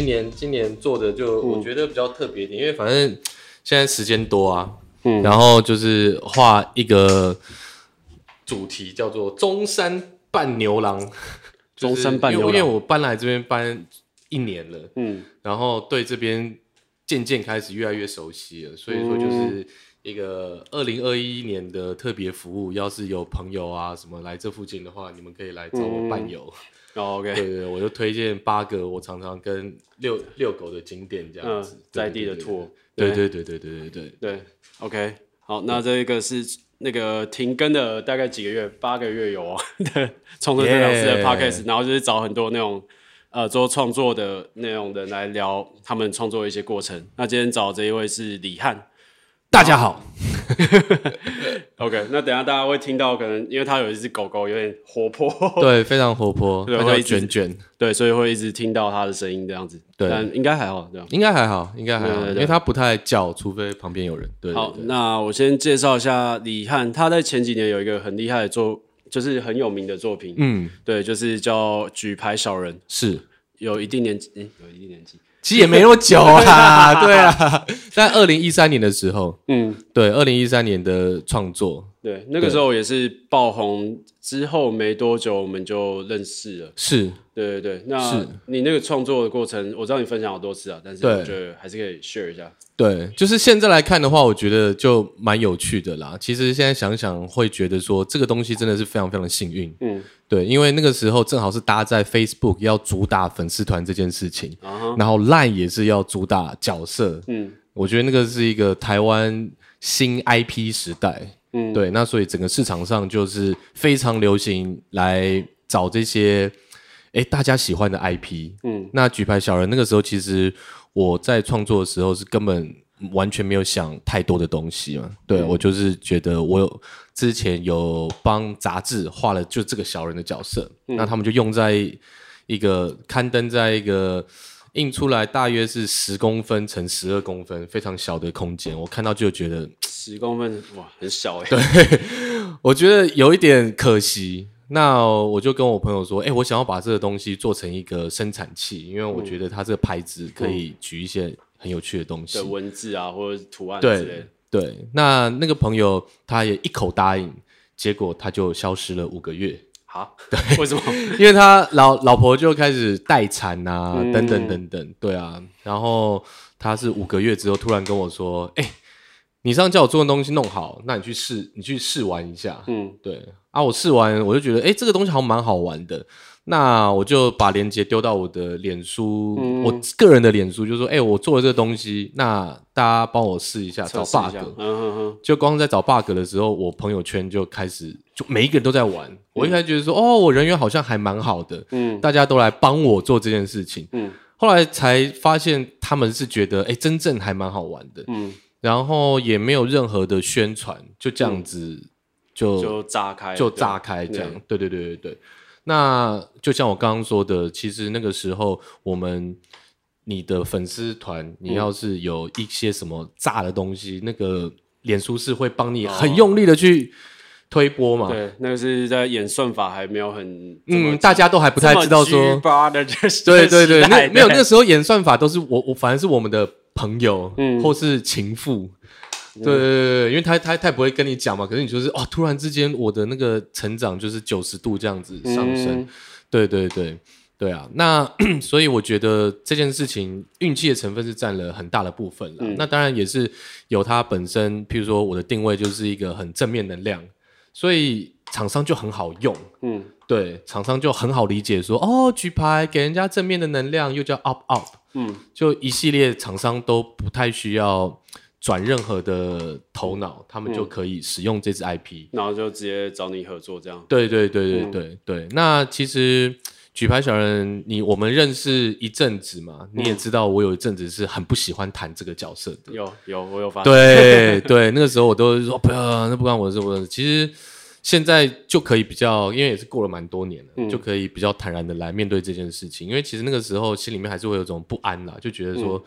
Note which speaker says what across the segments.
Speaker 1: 今年今年做的就我覺得比較特別一點，嗯、因為反正現在時間多啊，嗯，然後就是畫一個主題叫做中山伴牛郎，中山伴牛郎，因為,因為我搬來這邊搬一年了，嗯，然後對這邊漸漸開始越來越熟悉了，所以說就是一個二零二一年的特別服務，嗯、要是有朋友啊什麼來這附近的話，你們可以來找我伴遊。嗯哦、oh，OK，對，對對，我就推薦八個我常常跟
Speaker 2: 遛遛狗的景點這樣子，在地的 tour，對對對對對對對，對，對，對，對 o、okay、k 好，嗯、那這個是那個停更的大概幾個月，八個月有，哦，對 Yeah，創作這黨事的 podcast 然後就是找很多那種呃做創作的那種人來聊他們創作的一些過程。那今天找這一位是李翰。大家好，好 ，OK，那等一下大家會聽到，可能因為他有一只狗狗，有點活潑，對，非常活潑，它叫卷卷，一捲捲對，所以會一直聽到它的聲音這樣子，對，但應該還好，對，啊，應該還好，應該還好，對對對，因為它
Speaker 1: 不太叫，除非旁邊有人，對，對，對。好，
Speaker 2: 那我先介紹一下李翰，他在前幾年有一個很厲害的作，就是很有名的作品，嗯，對，就是叫舉牌小人，是有一定年紀，嗯，有一定年紀。其實也沒那麼久啊， 對啊，
Speaker 1: 在二零一三年的時候，嗯，對，二零一三年的創作，
Speaker 2: 對，那個時候對也是爆紅之後沒多久，我們就認識了，是。對對對，那你那個創作的過程，我知道你分享好多次啊，但是我覺得還是可以 share 一下。
Speaker 1: 對，就是現在來看的話，我覺得就蠻有趣的啦。其實現在想想，會覺得說這個東西真的是非常非常幸運。嗯，對，因為那個時候正好是搭在 Facebook 要主打粉絲團這件事情，啊、哈然後 Line 也是要主打角色。嗯，我覺得那個是一個台灣新 IP 時代。嗯，對，那所以整個市場上就是非常流行來找這些。哎，大家喜歡的 IP，嗯，那舉牌小人那個時候，其實我在創作的時候是根本完全沒有想太多的東西嘛。嗯、對我就是覺得，我有之前有幫雜誌畫了就這個小人的角色，嗯、那他們就用在一個刊登在一個印出來大約是十公分乘十二公分非常小的空間，我看到就覺得
Speaker 2: 十公分哇，很小哎、欸，對，
Speaker 1: 我覺得有一點可惜。那我就跟我朋友說，哎、欸，我想要把這個東西做成一個生產器，因為我覺得它這個牌子可以舉一些很有趣的東西的、嗯、文
Speaker 2: 字啊，或者圖案之類的對。對，
Speaker 1: 那那個朋友他也一口答應，結果他就消失了五個月。啊蛤？對為什麼？因為他老老婆就開始待產啊，嗯、等等等等。對啊，然後他是五個月之後突然跟我說，哎、欸，你上次叫我做的東西弄好，那你去試，你去試玩一下。嗯，對。啊！我試完，我就覺得，哎、欸，這個東西好像蠻好玩的。那我就把連結丟到我的臉書，嗯、我個人的臉書，就是說，哎、欸，我做了這個東西，那大家幫我試一下，一下找 bug。嗯、哼哼就光在找 bug 的時候，我朋友圈就開始，就每一個人都在玩。嗯、我一開始覺得說，哦，我人緣好像還蠻好的，嗯，大家都來幫我做這件事情，嗯、後來才發現，他們是覺得，哎、欸，真正還蠻好玩的，嗯、然後也沒有任何的宣傳，就這樣子、嗯。就，就炸開，就炸開，這樣，對對對對對。那就像我剛剛說的，其實那個時候，我們你的粉絲團，你要是有一些什麼炸的東西，嗯、那個臉書是會幫你很用力的去推播嘛。哦、對，
Speaker 2: 那個是在演算法還沒有很，嗯，大家都還不太知道說。 對，對對對，對那對沒有 那時候
Speaker 1: 演算法都是我我反正是我們的朋友，嗯，或是情婦。Mm hmm. 對對對，對因為他他他不會跟你講嘛，可是你就是哦，突然之間我的那個成長就是九十度這樣子上升，mm hmm. 對對對對啊，那 所以我覺得這件事情運氣的成分是佔了很大的部分了。Mm hmm. 那當然也是有它本身，譬如說我的定位就是一個很正面能量，所以廠商就很好用，嗯、mm，hmm. 對，廠商就很好理解說，說哦舉牌給人家正面的能量又叫 up up，嗯、mm，hmm. 就一系列廠商都不太需要轉任何的頭腦，他們就可以使用這支 IP、
Speaker 2: 嗯、然後就直接找你合作這樣。對對對對對對，嗯、
Speaker 1: 對，那其實舉牌小人，你我們認識一陣子嘛，嗯、你也知道我有一陣子是很不喜歡談這個角色的。
Speaker 2: 有有，我有發現。對對，
Speaker 1: 那個時候我都說、 哦、不要，那不關我的事。其實現在就可以比較，因為也是過了蠻多年了，嗯、就可以比較坦然的來面對這件事情。因為其實那個時候心裡面還是會有一種不安啦，就覺得說。嗯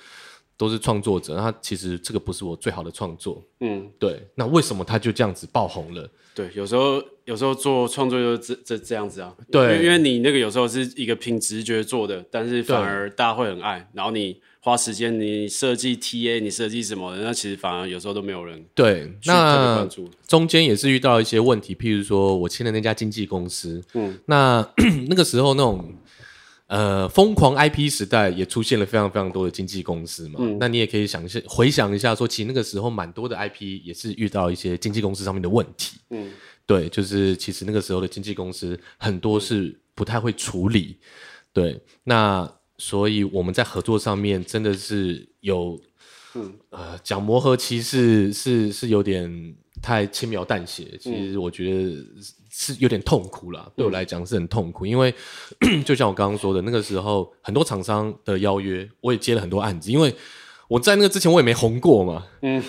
Speaker 1: 都是創作者，那他其實這個不是我最好的創作。嗯，對。那為什麼他就這樣子爆紅了？
Speaker 2: 對，有時候有時候做創作就是這這這樣子啊。對，因為你那個有時候是一個憑直覺做的，但是反而大家會很愛。對然後你花時間，你設計 T A，你設計什麼的，那其實反而有時候都沒有人。對，那
Speaker 1: 中間也是遇到一些問題，譬如說我簽的那家經紀公司，嗯，那 那個時候那種。呃，瘋狂 IP 時代也出現了非常非常多的經紀公司嘛。嗯、那你也可以想一下，回想一下說，說其實那個時候蠻多的 IP 也是遇到一些經紀公司上面的問題。嗯。對，就是其實那個時候的經紀公司很多是不太會處理。嗯、對。那所以我們在合作上面真的是有，嗯呃、講磨合其實是是，是有點太輕描淡寫。其實我覺得、嗯。是有點痛苦啦，對我來講是很痛苦，嗯、因為 就像我剛剛說的，那個時候很多廠商的邀約，我也接了很多案子，因為我在那個之前我也沒紅過嘛，嗯，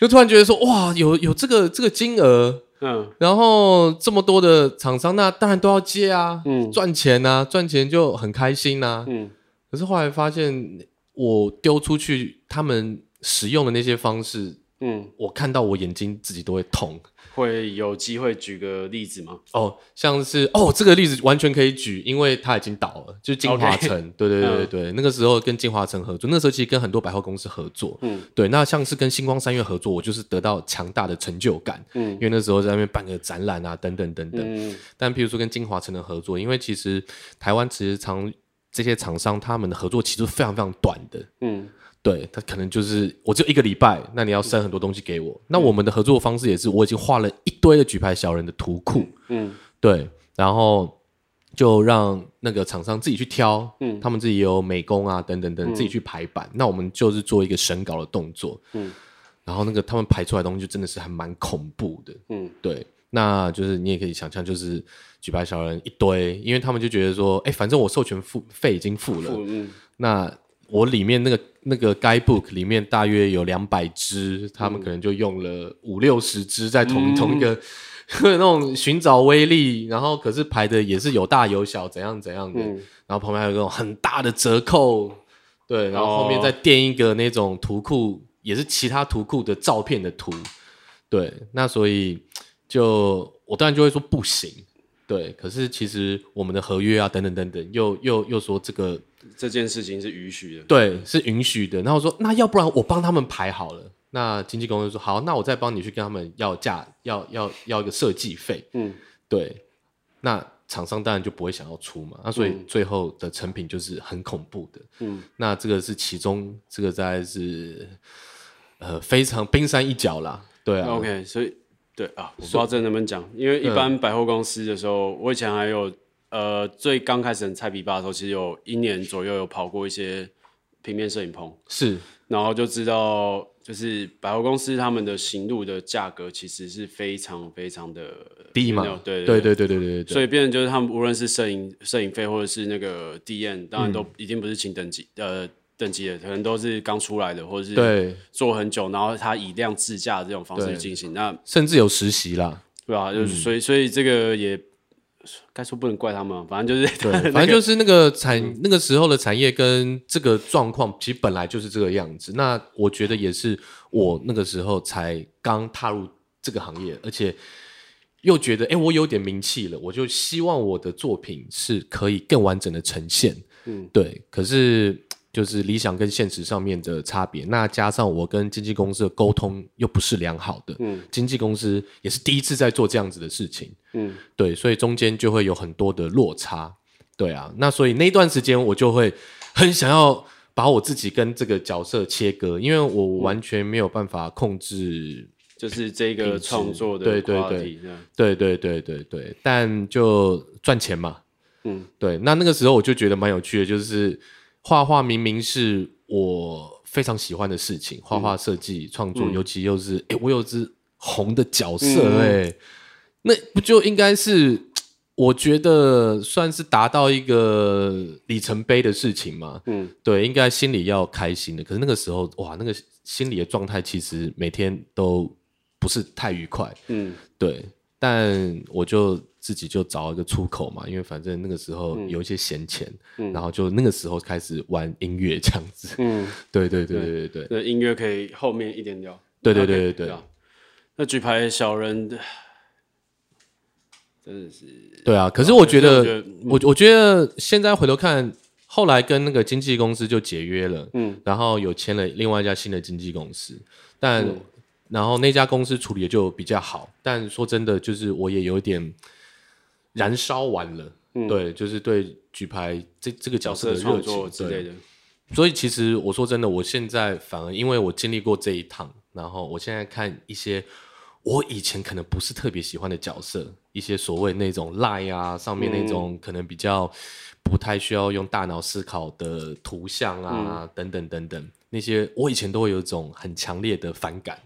Speaker 1: 就突然覺得說哇，有有這個這個金額，嗯，然後這麼多的廠商，那當然都要接啊，嗯，賺錢啊，賺錢就很開心吶，啊，嗯，可是後來發現我丟出去他們使用的那些方式，嗯，我看到我眼睛自己都會痛。
Speaker 2: 會有機會舉個例子嗎？
Speaker 1: 哦，像是哦，這個例子完全可以舉，因為它已經倒了，就是京華城，Okay. 對對對對、嗯、那個時候跟京華城合作，那個、時候其實跟很多百貨公司合作，嗯，對，那像是跟新光三越合作，我就是得到強大的成就感，嗯，因為那時候在那邊辦個展覽啊，等等等等，嗯、但譬如說跟京華城的合作，因為其實台灣其實廠這些廠商他們的合作其實非常非常短的，嗯。對，他可能就是，我只有一個禮拜，那你要生很多東西給我。嗯、那我們的合作方式也是，我已經畫了一堆的舉牌小人的圖庫，嗯，嗯對，然後就讓那個廠商自己去挑，嗯，他們自己有美工啊，等等等，嗯、自己去排版。那我們就是做一個審稿的動作，嗯，然後那個他們排出來的東西就真的是還蠻恐怖的，嗯，對，那就是你也可以想象，就是舉牌小人一堆，因為他們就覺得說，哎，反正我授權費費已經付了，付是那。我裡面那個那個 Guidebook 裡面大約有兩百隻，嗯、他們可能就用了五六十隻在同、嗯、同一個那種尋找威力，然後可是排的也是有大有小，怎樣怎樣的，嗯、然後旁邊還有那種很大的折扣，對，然後後面再墊一個那種圖庫，哦、也是其他圖庫的照片的圖，對，那所以就我當然就會說不行。對，可是其實我們的合約啊，等等等等，又又又說這個
Speaker 2: 這件事情是允許的，對，
Speaker 1: 是允許的。然後說，那要不然我幫他們排好了，那經紀公司說好，那我再幫你去跟他們要價，要要要一個設計費，嗯，對。那廠商當然就不會想要出嘛，那所以最後的成品就是很恐怖的，嗯。那這個是其中這個在是呃非常冰山一角啦，對啊。OK，
Speaker 2: 所以。對啊，我不知道這能不能講，so, 因為一般百貨公司的時候，呃、我以前還有，呃，最剛開始的菜比巴的時候，其實有一年左右有跑過一些平面攝影棚，是，然後就知道就是百貨公司他們的行路的價格其實是非常非常的
Speaker 1: 低嘛，you know, 對對對對對對，對，對所以
Speaker 2: 變成就是他們無論是攝影攝影費或者是那個 DM 當然都一定不是清等級，嗯、呃。等級的可能都是剛出來的，或者是做很久，對然後他以量自駕這種方式進行，對那甚至
Speaker 1: 有實習啦，
Speaker 2: 對啊，嗯、就是所以，所以這個也該說不能怪他們，反正就是、那個，反正就是那個
Speaker 1: 產、嗯、那個時候的產業跟這個狀況，其實本來就是這個樣子。那我覺得也是，我那個時候才剛踏入這個行業，而且又覺得，哎、欸，我有點名氣了，我就希望我的作品是可以更完整的呈現。嗯，對，可是。就是理想跟現實上面的差別，那加上我跟經紀公司的溝通又不是良好的，嗯，經紀公司也是第一次在做這樣子的事情，嗯，對，所以中間就會有很多的落差，對啊，那所以那段時間我就會很想要把我自己跟這個角色切割，因為我完全沒有辦法控制，
Speaker 2: 就是這個創作的，對對對，
Speaker 1: 對對對對對，但就賺錢嘛，嗯，對，那那個時候我就覺得蠻有趣的，就是。畫畫明明是我非常喜歡的事情，畫畫設計創作，嗯、尤其又是哎、欸，我有隻紅的角色哎、欸，嗯、那不就應該是我覺得算是達到一個里程碑的事情嘛？嗯，對，應該心裡要開心的。可是那個時候哇，那個心理的狀態其實每天都不是太愉快。嗯，對，但我就。自己就找一個出口嘛，因為反正那個時候有一些閒錢，嗯嗯、然後就那個時候開始玩音樂這樣子。嗯，對對對對對對，那
Speaker 2: 音樂可以後面一點點。
Speaker 1: 對對對對，
Speaker 2: 那舉牌小人真的是。對啊，可是我覺得，嗯覺得嗯、我我覺
Speaker 1: 得現在回頭看，後來跟那個經紀公司就解約了，嗯，然後有簽了另外一家新的經紀公司，但、嗯、然後那家公司處理的就比較好。但說真的，就是我也有點。燃燒完了，嗯、對，就是對舉牌這這個角色的熱情之類的。所以其實我說真的，我現在反而因為我經歷過這一趟，然後我現在看一些我以前可能不是特別喜歡的角色，一些所謂那種賴呀、啊，上面那種可能比較不太需要用大腦思考的圖像啊、嗯、等等等等，那些我以前都會有一種很強烈的反感。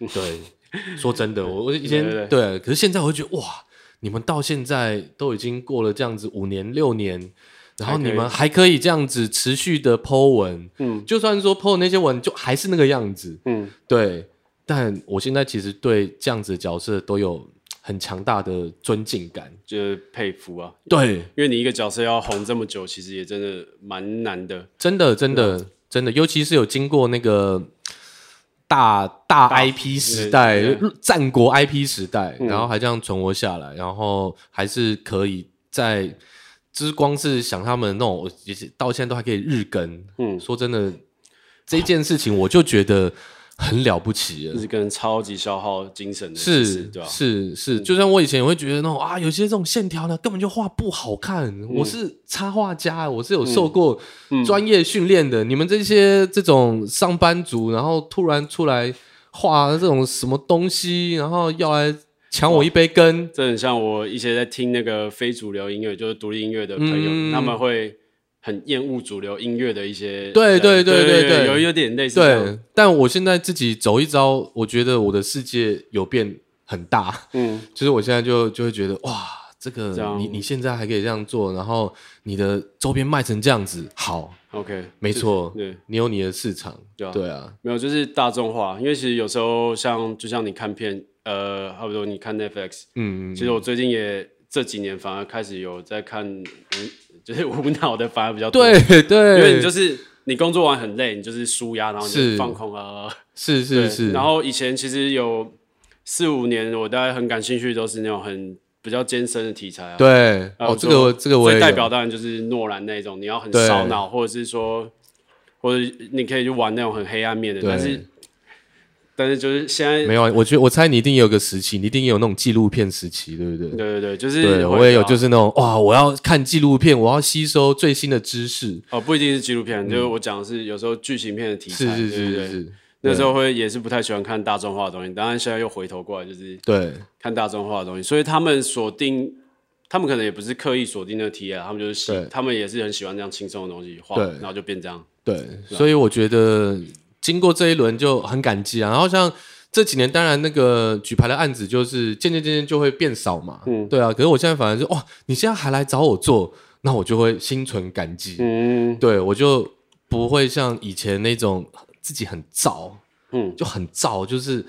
Speaker 1: 嗯、對， 說真的，我我以前對，對，對，對，可是現在我會覺得哇。你們到現在都已經過了這樣子五年六年，然後你們還可以這樣子持續的 po 文，嗯，就算說 po 那些文就還是那個樣子，嗯，對，但我現在其實對這樣子的角色都有很強大的尊敬感，
Speaker 2: 就是佩服啊，對，因為你一個角色要紅這麼久，其實也真的蠻難的，
Speaker 1: 真的真的，嗯，真的，尤其是有經過那個。大大 IP 時代，戰國 IP 時代，然後還這樣存活下來，然後還是可以在之光是想他們那種，到現在都還可以日更。嗯，說真的，這件事情我就覺得。很了不起了，就是
Speaker 2: 跟超級消耗精神的，是，對吧？是
Speaker 1: 是，就像我以前也會覺得那種啊，有些這種線條呢，根本就畫不好看。嗯、我是插畫家，我是有受過專業訓練的。嗯嗯、你們這些這種上班族，然後突然出來畫這種什麼東西，然後要來搶我一杯羹，
Speaker 2: 這很像我一些在聽那個非主流音樂，就是獨立音樂的朋友，嗯、他們會。很厭惡主流音樂的一些，對對對對對，對對對有有點類似。對，
Speaker 1: 但我現在自己走一遭，我覺得我的世界有變很大。嗯，其實 我現在就就會覺得哇，這個你這樣你現在還可以這樣做，然後你的周邊賣成這樣子，好，OK，沒錯錯，對，你有你的市場，
Speaker 2: 啊對啊，沒有就是大眾化。因為其實有時候像就像你看片，呃，差不多你看 Netflix，嗯嗯，其實我最近也這幾年反而開始有在看。嗯就是無腦的反而比較多，對對，因為你就是你工作完很累，你就是紓壓，然後你就放空了是、呃呃，是是對是。然後以前其實有四五年，我大概很感興趣都是那種很比較艱深的題材啊。對，然後哦，這個我這個最代表當然就是諾蘭那種，你要很燒腦，對或者是說，或者你可以去玩那種很黑暗面的，對但是。但是就是現在沒
Speaker 1: 有，我覺得我猜你一定有個時期，你一定有那種紀錄片時期，
Speaker 2: 對不對？對對對，就是對，我也有，就是那種
Speaker 1: 哇，我要看紀錄片，我要吸收最新的知識。
Speaker 2: 哦，不一定是紀錄片，就是我講的是有時候劇情片的題材。是是是，那時候會也是不太喜歡看大眾化的東西，當然現在又回頭過來，就是對看大眾化的東西。所以他們鎖定，他們可能也不是刻意鎖定那個題啊，他們就是喜，他們也是很喜歡這樣輕鬆的東西，對，然後就變這樣。
Speaker 1: 對，所以我覺得。經過這一輪就很感激啊，然後像這幾年，當然那個舉牌的案子就是漸漸漸漸就會變少嘛，嗯，對啊。可是我現在反而是哇，你現在還來找我做，那我就會心存感激，嗯，對，我就不會像以前那種自己很躁，嗯，就很躁，就是。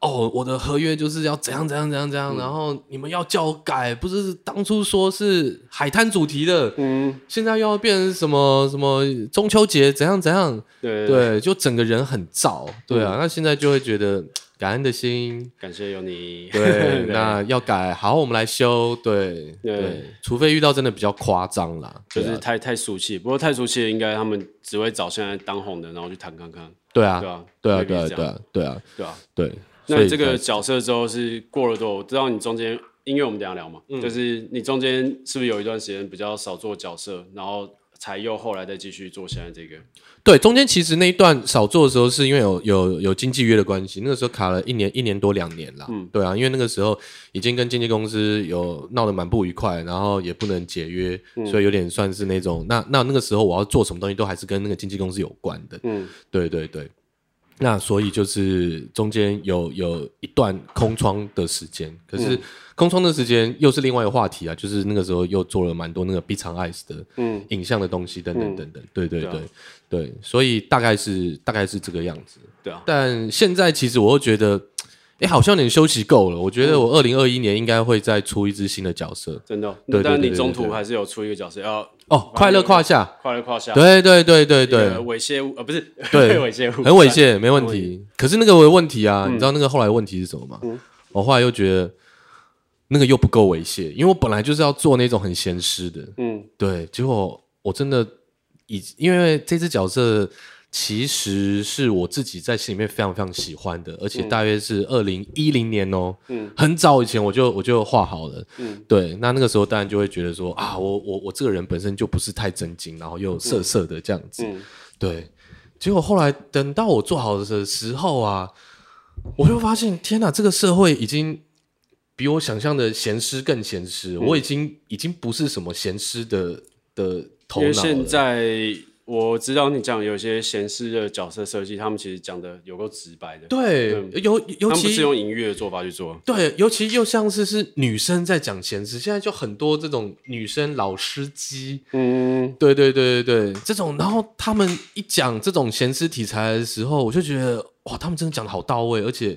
Speaker 1: 哦，我的合約就是要怎樣怎樣怎樣怎樣，然後你們要叫改，不是當初說是海灘主題的，嗯，現在又要變成什麼什麼中秋節怎樣怎樣，對對，就整個人很燥，對啊，那現在就會覺得感恩的心，
Speaker 2: 感謝有你，對，那
Speaker 1: 要改，好，我們來修，對對，除非遇到真的比較誇
Speaker 2: 張啦，就是太太俗氣，不過太俗氣應該他們只會找現在當紅的，然後去談看看，對啊對啊對啊對啊對啊對啊
Speaker 1: 對。那這個
Speaker 2: 角色之後是過了之後，我知道你中間音樂我們等一下聊嘛，嗯、就是你中間是不是有一段時間比較少做角色，然後才又後來再繼續做現在這個？
Speaker 1: 對，中間其實那一段少做的時候，是因為有有有經紀約的關係，那個時候卡了一年一年多兩年了。嗯，對啊，因為那個時候已經跟經紀公司有鬧得蠻不愉快，然後也不能解約，嗯、所以有點算是那種那那那個時候我要做什麼東西都還是跟那個經紀公司有關的。嗯，對對對。那所以就是中間有有一段空窗的時間，可是空窗的時間又是另外一個話題啊，嗯、就是那個時候又做了蠻多那個 B 章 Ice 的影像的東西等等等等，嗯、對對對、嗯對，啊、對，所以大概是大概是這個樣子。對啊，但現在其實我又覺得，哎、欸，好像你休息夠了，我覺得我二零二一年應該會再出一支新的角色，真的。但你中途
Speaker 2: 還是有出一個角色要
Speaker 1: 哦，快樂胯下，快樂胯下，對對對對對，對對對對猥褻，呃、不是，對猥褻，很猥褻，沒問題。問題可是那個有問題啊，嗯、你知道那個後來問題是什麼嗎？嗯、我後來又覺得那個又不夠猥褻，因為我本來就是要做那種很鹹濕的，嗯，對。結果我真的以因為這隻角色。其實是我自己在心裡面非常非常喜歡的，而且大約是二零一零年哦，嗯、很早以前我就我就畫好了，嗯、對，那那個時候當然就會覺得說啊，我我我這個人本身就不是太正經，然後又色色的這樣子，嗯嗯、對，結果後來等到我做好的時候啊，我就發現天哪，這個社會已經比我想象的鹹濕更鹹濕。嗯、我已經已經不是什麼鹹濕的的頭腦了現
Speaker 2: 在。我知道你講有些鹹濕的角色設計，他們其實講的有夠直白的。對，尤、嗯、尤其是用音樂的做法去做。
Speaker 1: 對，尤其又像是是女生在講鹹濕，現在就很多這種女生老司機。嗯，對對對對對，這種，然後他們一講這種鹹濕題材的時候，我就覺得哇，他們真的講的好到位，而且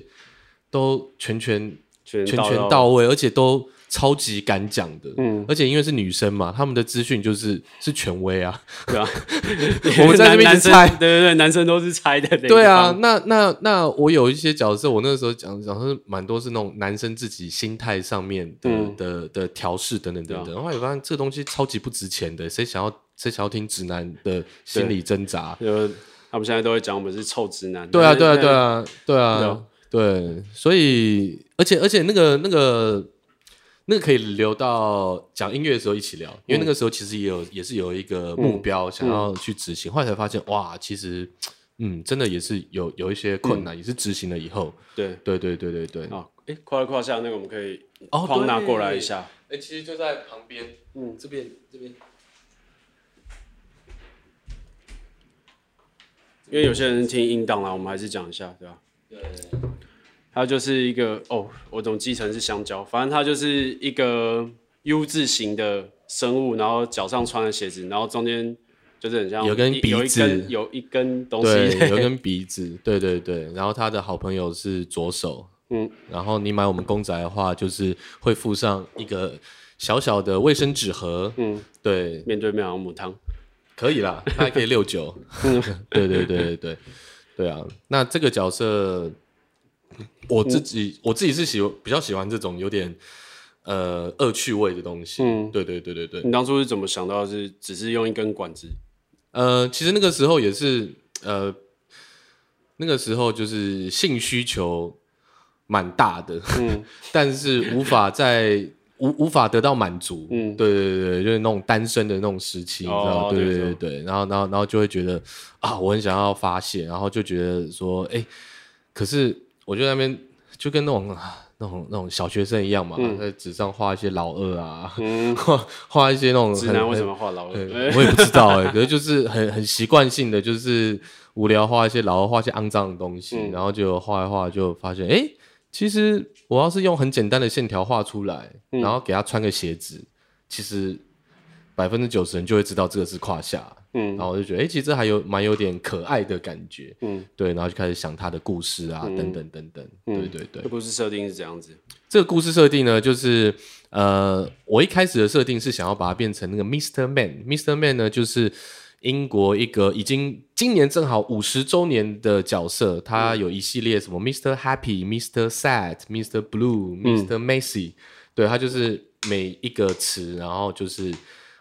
Speaker 1: 都全全全，全全到位，而且都。超級敢講的，嗯，而且因為是女生嘛，他們的資訊就是是權威啊，對啊， 我們在那邊猜，對
Speaker 2: 對對，男生都是猜的。對啊，
Speaker 1: 那那那我有一些角色，我那個時候講講是蠻多是那種男生自己心態上面的、嗯、的的調試等等等等，啊、然後有發現這東西超級不值錢的，誰想要誰想要聽直男的心理掙扎？就
Speaker 2: 是他們現在都會講我們是臭直男、啊啊，對啊，對啊，對啊，
Speaker 1: 對啊，對，所以而且而且那個那個。那個可以留到講音樂的時候一起聊，嗯、因為那個時候其實也有也是有一個目標、嗯、想要去執行，嗯、後來才發現哇，其實嗯，真的也是有有一些困難，嗯、也是執行了以後，對對、嗯、對對對對。啊，哎、
Speaker 2: 欸，跨了跨下那個我們可以哦都拿過來一下，哎、欸，其實就在旁邊，嗯，這邊這邊，因為有些人聽音檔啦，我們還是講一下，對吧、啊？對，
Speaker 3: 對，對。
Speaker 2: 它就是一個哦，我總記成是香蕉，反正它就是一個 U 字型的生物，然後腳上穿的鞋子，然後中間就是很像有根鼻子，一有一根有一根東西，有一根
Speaker 1: 鼻子，對對對，對，然後他的好朋友是左手，嗯，然後你買我們公仔的話，就是會附上一個小小的衛生紙盒，嗯，對，面對面好像母湯可以啦，他還可以六九， 對，對對對對對，對啊，那這個角色。我自己，嗯、我自己是喜歡比較喜歡這種有點呃惡趣味的東西。嗯，對對對對對。你當初是
Speaker 2: 怎麼想到是只是用一根管子？
Speaker 1: 呃，其實那個時候也是呃，那個時候就是性需求蠻大的，嗯、但是無法在 無無法得到滿足。嗯，對對對，就是那種單身的那種時期，哦、你知道，對對對對，然後然後然後就會覺得啊，我很想要發泄，然後就覺得說，哎、欸，可是。我就在那邊就跟那種那種那種小學生一樣嘛，嗯、在紙上畫一些老二啊，畫畫、嗯、一些那種直男為什麼畫老二、嗯？我也不知道誒、欸、 可是就是很很習慣性的，就是無聊畫一些老二，畫一些骯髒的東西，嗯、然後就畫一畫，就發現誒、欸、其實我要是用很簡單的線條畫出來，嗯、然後給他穿個鞋子，其實百分之九十人就會知道這個是胯下。嗯，然後我就覺得，哎、欸，其實這還有蠻有點可愛的感覺，嗯，對，然後就開始想他的故事啊，嗯、等等
Speaker 2: 等等，嗯、對對對。這故事設定是這樣子，
Speaker 1: 這個故事設定呢，就是呃，我一開始的設定是想要把它變成那個 Mr. Man，Mr. Man 呢，就是英國一個已經今年正好五十周年的角色，他有一系列什麼 Mr. Happy，Mr. Sad，Mr. Blue，Mr.、嗯、Messy，對他就是每一個詞，然後就是。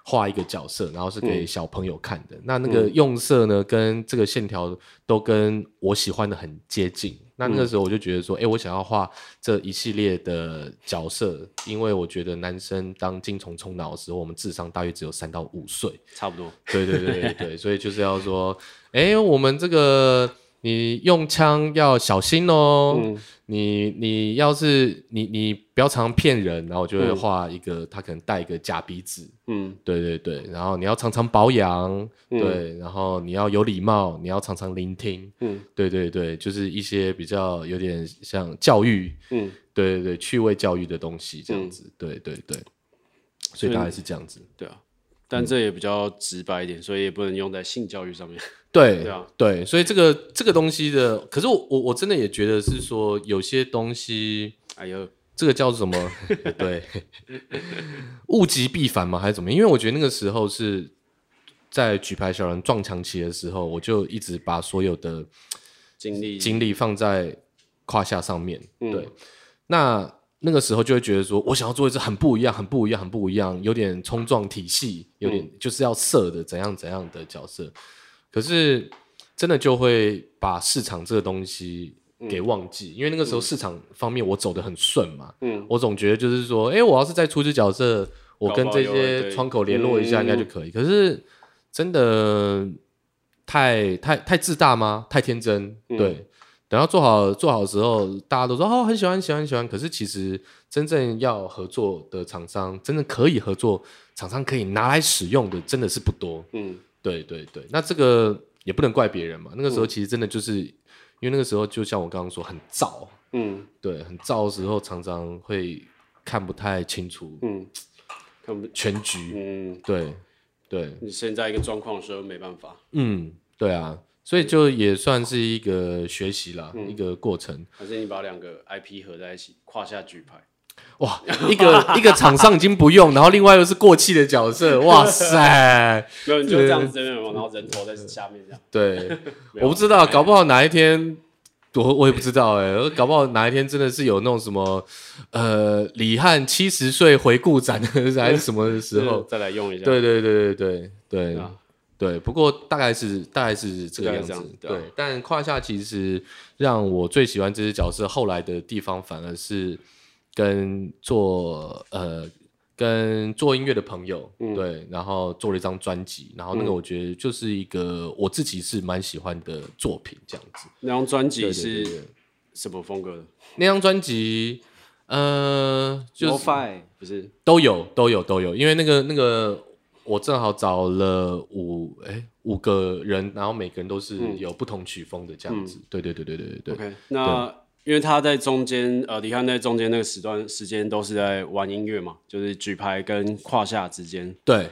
Speaker 1: 畫一個角色，然後是給小朋友看的。嗯、那那個用色呢，嗯、跟這個線條都跟我喜歡的很接近。那那個時候我就覺得說，哎、嗯欸，我想要畫這一系列的角色，因為我覺得男生當精蟲衝腦的時候，我們智商大約只有三到五歲，差不多。對對對對對， 所以就是要說，哎、欸，我們這個。你用槍要小心哦、喔。嗯、你你要是你你不要常騙人，然後就會畫一個、嗯、他可能戴一個假鼻子。嗯，對對對。然後你要常常保養。嗯、對。然後你要有禮貌，你要常常聆聽。嗯，對對對，就是一些比較有點像教育。嗯、對對對，趣味教育的東西這樣子。嗯、對對對。所以大概是這樣子。對啊。但這
Speaker 2: 也比較直白一點，嗯、所以也不能用在性教育上面。對
Speaker 1: 對啊，對，所以這個這個東西的，可是我我真的也覺得是說有些東西，哎呦，這個叫什麼？ 對， 物極必反嘛，還是怎麼？因為我覺得那個時候是在舉牌小人撞牆期的時候，我就一直把所有的精力精力放在胯下上面。力對，嗯、那那個時候就會覺得說我想要做一隻很不一樣、很不一樣、很不一樣，有點衝撞體系，有點就是要射的怎樣怎樣的角色。嗯可是，真的就會把市場這個東西給忘記，嗯、因為那個時候市場方面我走得很順嘛。嗯，我總覺得就是說，哎、欸，我要是再出隻角色，我跟這些窗口聯絡一下應該就可以。嗯、可是真的太、太、太自大嗎？太天真？對。嗯、等到做好、做好的時候，大家都說哦、喔，很喜歡、喜歡、喜歡。可是其實真正要合作的廠商，真正可以合作廠商可以拿來使用的，真的是不多。嗯。對對對，那這個也不能怪別人嘛。那個時候其實真的就是，嗯、因為那個時候就像我剛剛說，很燥，嗯，對，很燥的時候常常會看不太清楚，嗯，看不全局，嗯，對，對。
Speaker 2: 你現在一個狀況的時候沒辦法，嗯，
Speaker 1: 對啊，所以就也算是一個學習啦，嗯、一個過程。
Speaker 2: 還是你把兩個 IP 合在一起，胯下舉牌。哇，一個 一個場上已
Speaker 1: 經不用，然後另外又是過氣的角色， 哇塞！就這樣子有有然後人頭在下面這樣
Speaker 2: 對， 有我不知道，
Speaker 1: 搞不好哪一天， 我我也不知道哎、欸， 搞不好哪一天真的是有那種什麼，呃，李翰七十歲回顧展 還是什麼的時候 再來用一下？對對對對對對對,對,對,對,、啊、對。不過大概是大概是這個樣子，樣對,啊、對。但胯下其實讓我最喜歡這只角色後來的地方，反而是。跟做呃，跟做音樂的朋友、嗯、對，然後做了一張專輯，嗯、然後那個我覺得就是一個我自己是蠻喜歡的作品這樣子。
Speaker 2: 那張專輯是什麼風格
Speaker 1: 的？那張專輯呃，就是、i, 不是都有，都有都有，因為那個那個我正好找了五哎、欸、五個人，然後每個人都是有不同曲風的這樣子。
Speaker 2: 嗯嗯、對對對對對對對。Okay, 那。對因為他在中間，呃，你看在中間那個時段時間都是在玩音樂嘛，就是舉牌跟胯下之間。對，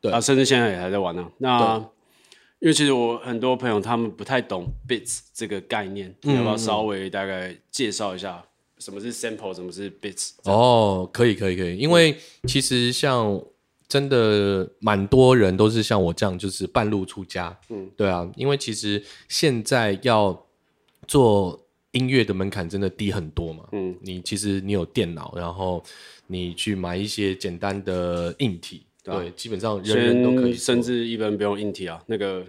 Speaker 2: 對啊，甚至現在也還在玩呢、啊。那對因為其實我很多朋友他們不太懂 beats 這個概念，你要不要稍微大概介紹一下嗯嗯，什麼是 sample，什麼是 beats？哦
Speaker 1: ，oh, 可以，可以，可以。因為其實像真的蠻多人都是像我這樣，就是半路出家。嗯，對啊，因為其實現在要做。音樂的門檻真的低很多嘛。嗯，你其實你有電腦，然後你去買一些簡單的硬體，對，啊、對，基本上人人都可
Speaker 2: 以，甚至一般不用硬體啊。那個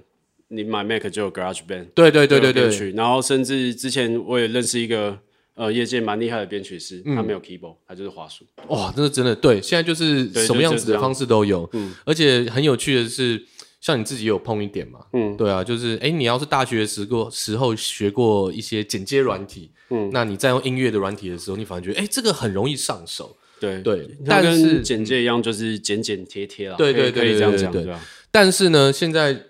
Speaker 2: 你買 Mac 就有 GarageBand，對對對對對，對曲。然後甚至之前我也認識一個呃業界蠻厲害的編曲師，嗯、他沒有 Keyboard，他就是滑鼠。哇、哦，那
Speaker 1: 真的真的對，現在就是什麼對樣子的方式都有，嗯、而且很有趣的是。像你自己有碰一點嘛？嗯，對啊，就是哎、欸，你要是大學時過時候學過一些剪接軟體，嗯，那你在用音樂的軟體的時候，你反而覺得哎、欸，這個很容易
Speaker 2: 上手，簡簡貼貼，對對。它跟剪接一樣，就是剪剪貼貼了，對對對，可以這樣講，對。
Speaker 1: 但是呢，現在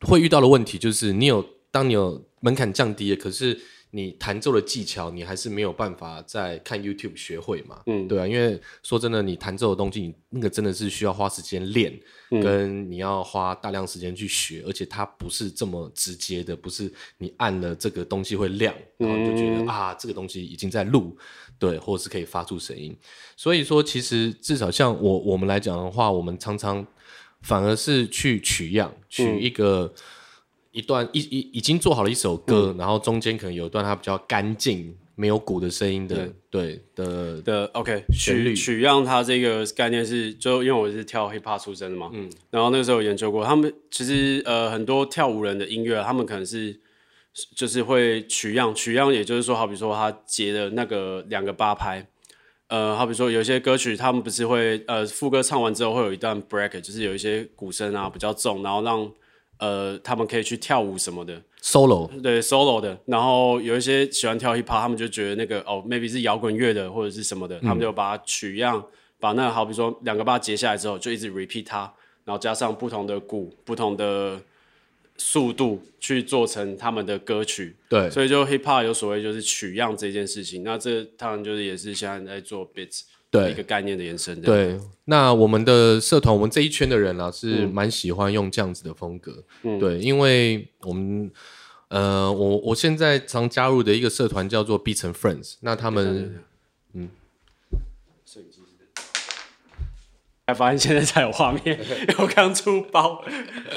Speaker 1: 會遇到的問題就是，你有當你有門檻降低了，可是。你彈奏的技巧，你還是沒有辦法在看 YouTube 學會嘛？嗯、對啊，因為說真的，你彈奏的東西，你那個真的是需要花時間練，嗯、跟你要花大量時間去學，而且它不是這麼直接的，不是你按了這個東西會亮，然後你就覺得、嗯、啊，這個東西已經在錄，對，或是可以發出聲音。所以說，其實至少像我我們來講的話，我們常常反而是去取樣，取一個。嗯一段一一已經做好了一首歌，嗯、然後中間可能有一段它比較乾淨，沒有鼓的聲音的，對的的。OK，率取取
Speaker 2: 樣它這個概念是，就因為我是跳 hip hop 出身的嘛，嗯，然後那個時候我研究過，他們其實呃很多跳舞人的音樂，他們可能是就是會取樣，取樣也就是說，好比說他截的那個兩個八拍，呃，好比說有些歌曲，他們不是會呃副歌唱完之後會有一段 break，就是有一些鼓聲啊比較重，然後讓。呃，他們可以去跳舞什麼的，solo，對 solo 的。然後有一些喜歡跳 hip hop，他們就覺得那個哦，maybe 是搖滾樂的或者是什麼的，嗯、他們就把它取樣，把那個好比說兩個八節，下來之後，就一直 repeat 它，然後加上不同的鼓、不同的速度去做成他們的歌曲。對，所以就 hip hop 有所謂就是取樣這件事情，那這他們就是也是現在在做 beats。對一個概念的延伸。對，
Speaker 1: 那我們的社團，我們這一圈的人啊，是蠻喜歡用這樣子的風格。嗯、對，因為我們，呃，我我現在常加入的一個社團叫做 Beat and Friends。那他們，嗯，
Speaker 2: 攝影機是，才發現現在才有畫面，
Speaker 1: 我剛出包。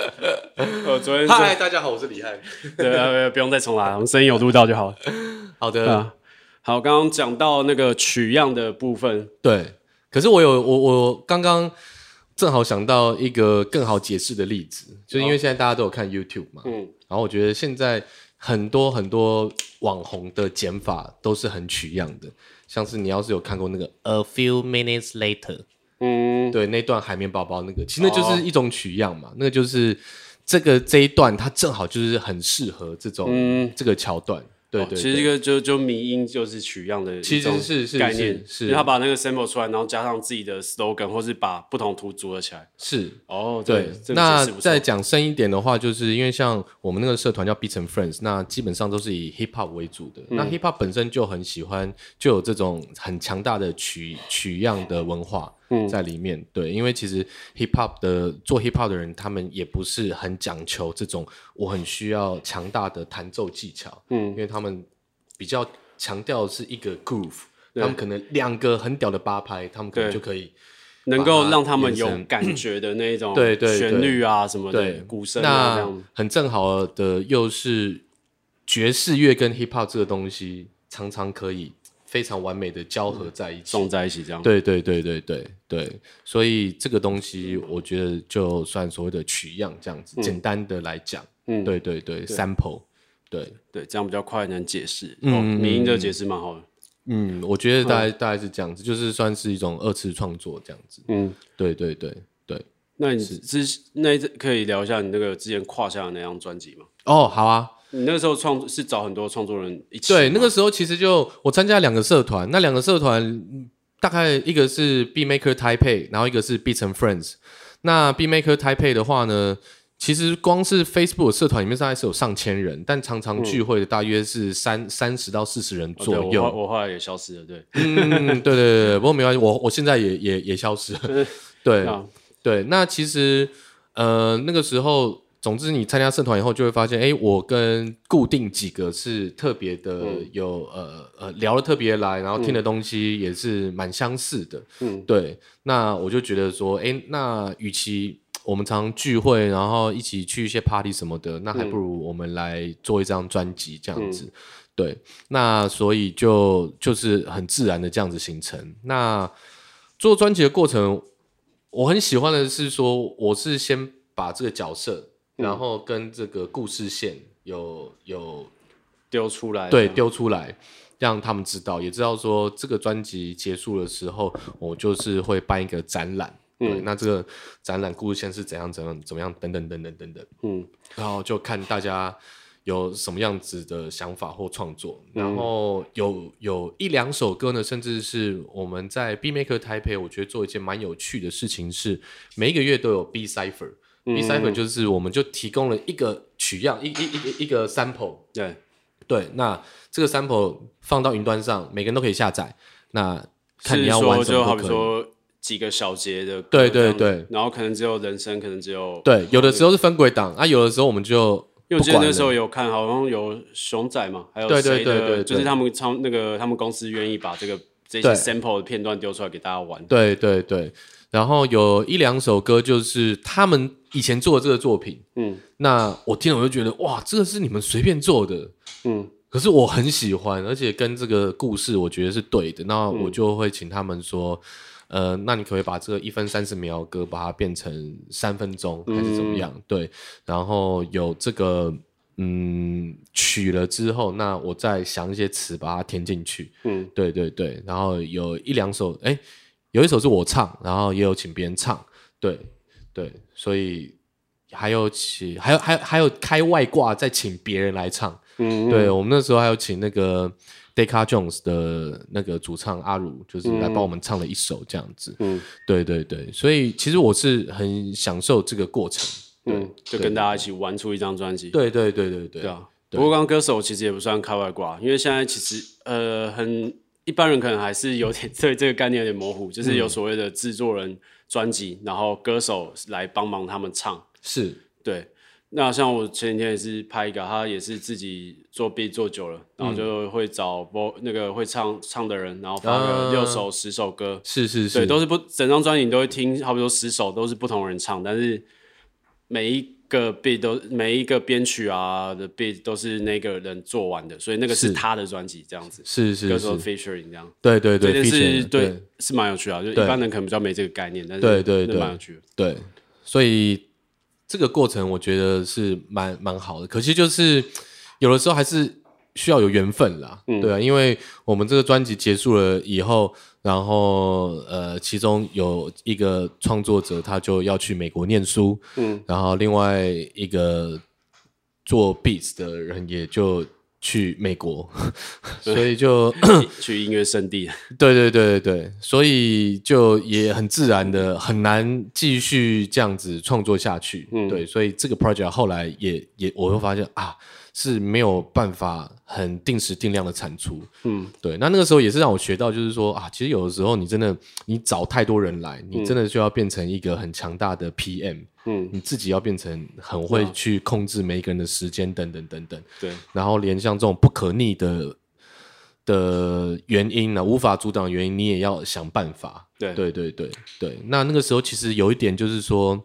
Speaker 2: 我昨天，嗨，大家好，我是李翰。 對、啊、不用再重來、啊，我們聲音有錄到就好 好的。對啊好，剛剛講到那個取樣的部分，
Speaker 1: 對。可是我有我我剛剛正好想到一個更好解釋的例子，就是、因為現在大家都有看 YouTube 嘛，哦，嗯。然後我覺得現在很多很多網紅的剪法都是很取樣的，像是你要是有看過那個 A few minutes later，嗯，對，那段海綿寶寶那個，其實那就是一種取樣嘛。哦，那個就是這個這一段，它正好就是很適合這種、嗯、這個橋段。對對對，哦、其實一
Speaker 2: 個就就迷因就是取樣的一種概念，是，是，是，是，是他把那個 sample 出來，然後加上自己的 slogan，或是把不同圖組合起來。是哦，oh, 對。對那再
Speaker 1: 講深一點的話，就是因為像我們那個社團叫 Beat and Friends，那基本上都是以 hip hop 為主的。嗯、那 hip hop 本身就很喜歡，就有這種很強大的取取樣的文化。在裡面、嗯、對，因為其實 hip hop 的做 hip hop 的人，他們也不是很講求這種我很需要強大的彈奏技巧，嗯，因為他們比較強調的是一個 groove，對他們可能兩個很屌的
Speaker 2: 八拍，他們可能就可以對
Speaker 1: 把它 能夠讓他們有感
Speaker 2: 覺的那種對對旋律啊什麼的鼓聲、啊對對，那
Speaker 1: 樣很正好的又是爵士樂跟 hip hop 這個東西常常可以非常完美的交合在一起，撞、嗯、在一起這樣，對，對對對對對。對，所以這個東西我覺得就算所謂的取樣這樣子，簡單的來講，嗯，對對對，sample，
Speaker 2: 對對，這樣比較快能解釋。嗯，你這個解釋蠻好
Speaker 1: 的。嗯，我覺得大概大概是這樣子，就是算是一種二次創作這樣子。嗯，對對對對。
Speaker 2: 那你之那可以聊一下你那個之前跨下的那張專輯嗎？哦，好啊。你那時候創作是找很多創作人
Speaker 1: 一起？對，那個時候其實就我參加兩個社團，那兩個社團。大概一個是 Beatmaker Taipei 然後一個是 B 成 Friends。那 Beatmaker Taipei 的話呢，其實光是 Facebook 社團裡面大概是有上千人，但常常聚會的大約是三三十、嗯、到四十人左右。哦、我我後來也
Speaker 2: 消失了，對，嗯，
Speaker 1: 對對對，不過沒關係，我我現在也也也消失了，就是、對樣對。那其實呃那個時候。總之，你參加社團以後，就會發現，哎、欸，我跟固定幾個是特別的有，有、嗯、呃呃聊得特別來，然後聽的東西也是蠻相似的。嗯，對。那我就覺得說，哎、欸，那與其我們常常聚會，然後一起去一些 party 什麼的，那還不如我們來做一張專輯這樣子。嗯、對，那所以就就是很自然的這樣子形成。那做專輯的過程，我很喜歡的是說，我是先把這個角色。然後跟這個故事線有有丟
Speaker 2: 出來，對，丟
Speaker 1: 出來，讓他們知道，也知道說這個專輯結束的時候，我就是會辦一個展覽，嗯、對，那這個展覽故事線是怎樣怎樣怎麼樣等等等等等等，嗯，然後就看大家有什麼樣子的想法或創作，嗯、然後有有一兩首歌呢，甚至是我們在 Beatmaker Taipei，我覺得做一件蠻有趣的事情是，每一個月都有 Beat Cypher。第、嗯、三 i 就是，我們就提供了一個取樣，一一一一,一個 sample 對。對對，那這個 sample 放到雲端上，每個人都可以下載。那看你要完整就好比說
Speaker 2: 幾個小節的，對對對，然後可能只有人聲，可能只有對，
Speaker 1: 那個，有的時候是分軌檔，啊，有的時候我們就因為我記得那時候
Speaker 2: 有看，好像有熊仔嘛，還有誰？對，對，對，對，對，對，對，對，就是他們唱那個，他們公司願意把這個。這些 sample 的片段丟出來給大家玩，對。
Speaker 1: 對對對，然後有一兩首歌就是他們以前做的這個作品。嗯，那我聽了我就覺得，哇，這個是你們隨便做的。
Speaker 2: 嗯，
Speaker 1: 可是我很喜歡，而且跟這個故事我覺得是對的。那我就會請他們說，嗯、呃，那你可不可以把這個一分三十秒的歌把它變成三分鐘還是怎麼樣？嗯、對，然後有這個。嗯，取了之後，那我再想一些詞把它填進去。嗯，對對對，然後有一兩首，哎、欸，有一首是我唱，然後也有請別人唱。對對，所以還有請，還有還有還有開外掛再請別人來唱。嗯，
Speaker 3: 嗯，對，我
Speaker 1: 們那時候還有請那個 Deca Joins 的那個主唱阿儒，就是來幫我們唱了一首這樣子。嗯，對對對，所以其實我是很享受這個過程。嗯
Speaker 2: 嗯，就跟大家一起玩出一張專輯。對，對對對對對。對啊。不過，剛歌手其實也不算開外掛，因為現在其實呃，很一般人可能還是有點對這個概念有點模糊，嗯、就是有所謂的制作人專輯，然後歌手來幫忙他們唱。是。對。那像我前幾天也是拍一個，他也是自己做 beat 做久了，然後就會找播那個會唱唱的人，然後發個六首十首歌。啊、是是是。對，都是不整張專輯你都會聽，差不多十首都是不同人唱，但是。每一個 beat 都每一個編曲啊的 beat 都是那個人做完的，所以那個是他的專輯，這樣子。是是是。叫做 featuring 這樣。對對對。是 Fe ature，對，對是蠻有趣啊，對就一般人可能比較沒這個概念，對但是對對對，蠻有趣。
Speaker 1: 對，所以這個過程我覺得是蠻蠻好的，可惜就是有的時候還是需要有緣分啦。嗯、對啊，因為我們這個專輯結束了以後。然後，呃，其中有一個創作者，他就要去美國念書，嗯，然後另外一個做 beats 的人也就去美國，所
Speaker 2: 以， 所以就 去音樂聖地。對
Speaker 1: 對對對對，所以就也很自然的很難繼續這樣子創作下去。嗯，對，所以這個 project 後來也也我會發現啊。是沒有辦法很定時定量的產出，嗯，對。那那個時候也是讓我學到，就是說啊，其實有的時候你真的你找太多人來，嗯、你真的就要變成一個很強大的 PM，嗯，你自己要變成很會去控制每一個人的時間，等等等等。對。然後連像這種不可逆的的原因呢、啊，無法阻擋的原因，你也要想辦法。對，對對對對對。那那個時候其實有一點就是說，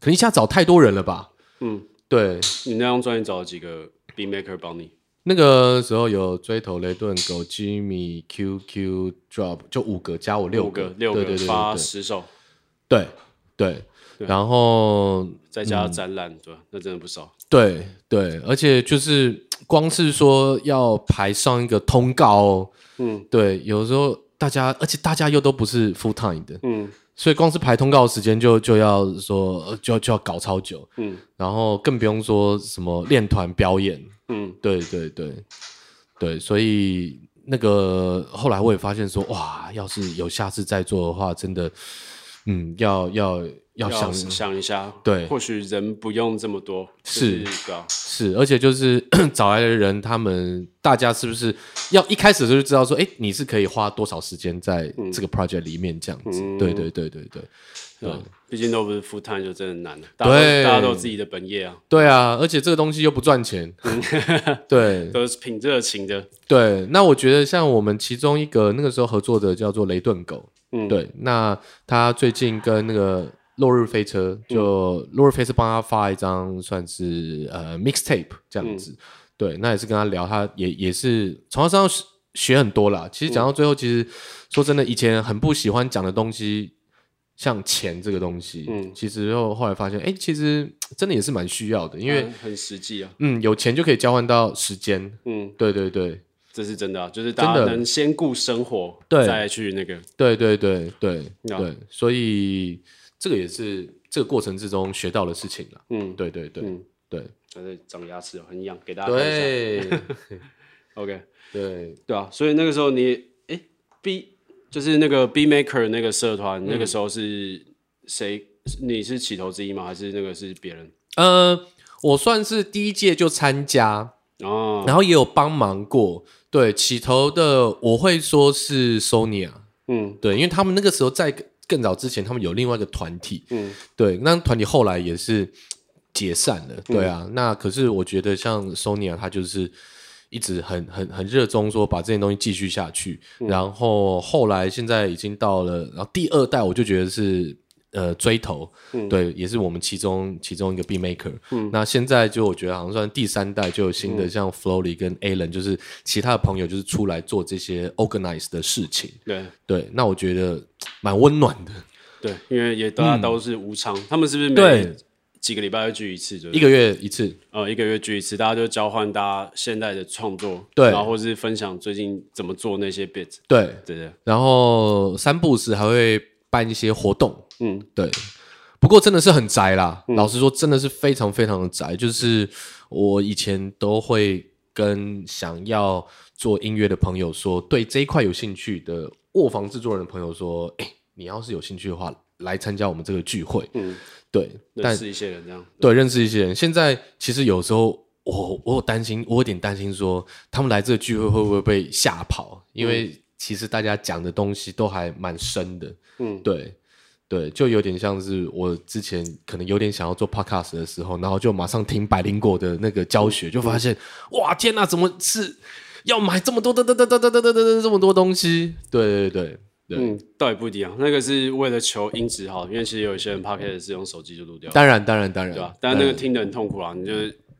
Speaker 1: 可能一下找太多人了吧。嗯，對。
Speaker 2: 你那張專輯找了幾個？beatmaker 幫
Speaker 1: 你，那個時候有追頭雷頓狗 Jimmy QQ Drop 就五個加我六個，個六個八十首，對對，對，對對，然後再加
Speaker 2: 展覽、嗯、對那真的不少，
Speaker 1: 對對，而且就是光是說要排上一個通告，嗯，對，有時候大家而且大家又都不是 full time 的，嗯。所以光是排通告的時間就就要說，就要就就要搞超久，嗯，然後更不用說什麼練團表演，嗯，對對對，對，所以那個後來我也發現說，哇，要是有下次再做的話，真的，嗯，要要。要想想一下，對，或
Speaker 2: 許人不用這麼多，是
Speaker 1: 是，而且就是找來的人，他們大家是不是要一開始就是就知道說，哎，你是可以花多少時間在這個 project 裡面這樣子？對對對對對對，
Speaker 2: 畢竟都不是 full time 就真的難了，對，大家都有自己的本業啊，
Speaker 1: 對啊，而且這個東西又不賺錢，對，都是挺熱情的，對。那我覺得像我們其中一個那個時候合作的叫做雷頓狗，對，那他最近跟那個。落日飛車，就落日飛車幫他發一張算是呃 mixtape 這樣子，嗯、對，那也是跟他聊，他也也是從他身上學很多啦。其實講到最後，其實、嗯、說真的，以前很不喜歡講的東西，像錢這個東西，嗯，其實後後來發現，哎、欸，其實真的也是蠻需要的，因為、嗯、
Speaker 2: 很實際啊，
Speaker 1: 嗯，有錢就可以交換到時間，嗯，對
Speaker 2: 對對，這是真的啊，就是大家真的能先顧生活，對，再去那個，
Speaker 1: 對對對對對，對 Yeah. 對，所以。這個也是這個過程之中學到的事情了。
Speaker 2: 嗯，對對對對，還、嗯、對在長牙齒、哦、很癢，給大家看一下對。 OK，對對啊，所以那個時候你哎 B 就是那個 beatmaker 那個社團，嗯、那個時候是誰？你是起頭之一嗎？還是那個是別人？嗯、
Speaker 1: 呃，我算是第一屆就參加哦，然後也有幫忙過。對起頭的，我會說是 Sonya。嗯，對，因為他們那個時候在。更早之前，他們有另外一個團體，嗯、對，那團體後來也是解散了，嗯、對啊。那可是我覺得像 Sonia，、啊、他就是一直很、很、很熱衷說把這些東西繼續下去。嗯、然後後來現在已經到了，然後第二代，我就覺得是。呃，追頭，對，也是我們其中其中一個 beat maker。嗯，那現在就我覺得好像算第三代，就有新的像 Flowly 跟 Alan，就是其他的朋友，就是出來做這些 organize 的事情。對對，那我覺得蠻溫暖的。
Speaker 2: 對，因為也大家都是無償，他們是不是每幾個禮拜要聚一次？就一個月一次，呃，一個月聚一次，大家就交換大家現在的創作，對，然後或者是分享最近怎麼做那些 bits。對對對，
Speaker 1: 然後三不五時還會。辦一些活動，嗯，對。不過真的是很宅啦，嗯、老實說，真的是非常非常的宅。就是我以前都會跟想要做音樂的朋友說，對這一塊有興趣的臥房制作人的朋友說：“欸，你要是有興趣的話，來參加我們這個聚會。”嗯，對。認識一些人這樣，對，認識一些人。現在其實有時候我我有擔心，我有點擔心說他們來這個聚會會不會被嚇跑，嗯、因為。其實大家講的東西都還蠻深的，嗯，對，對，就有點像是我之前可能有點想要做 podcast 的時候，然後就馬上聽百靈果的那個教學，就發現，嗯、哇，天哪，怎麼是要買這麼多的的的的的的的的，的這麼多東西？對對對，對，對嗯，
Speaker 2: 倒也不一樣，那個是為了求音質好，因為其實有一些人 podcast 是用手機就錄掉，嗯，
Speaker 1: 當然當然當然，對吧？
Speaker 2: 對但那個聽得很痛苦啊，你就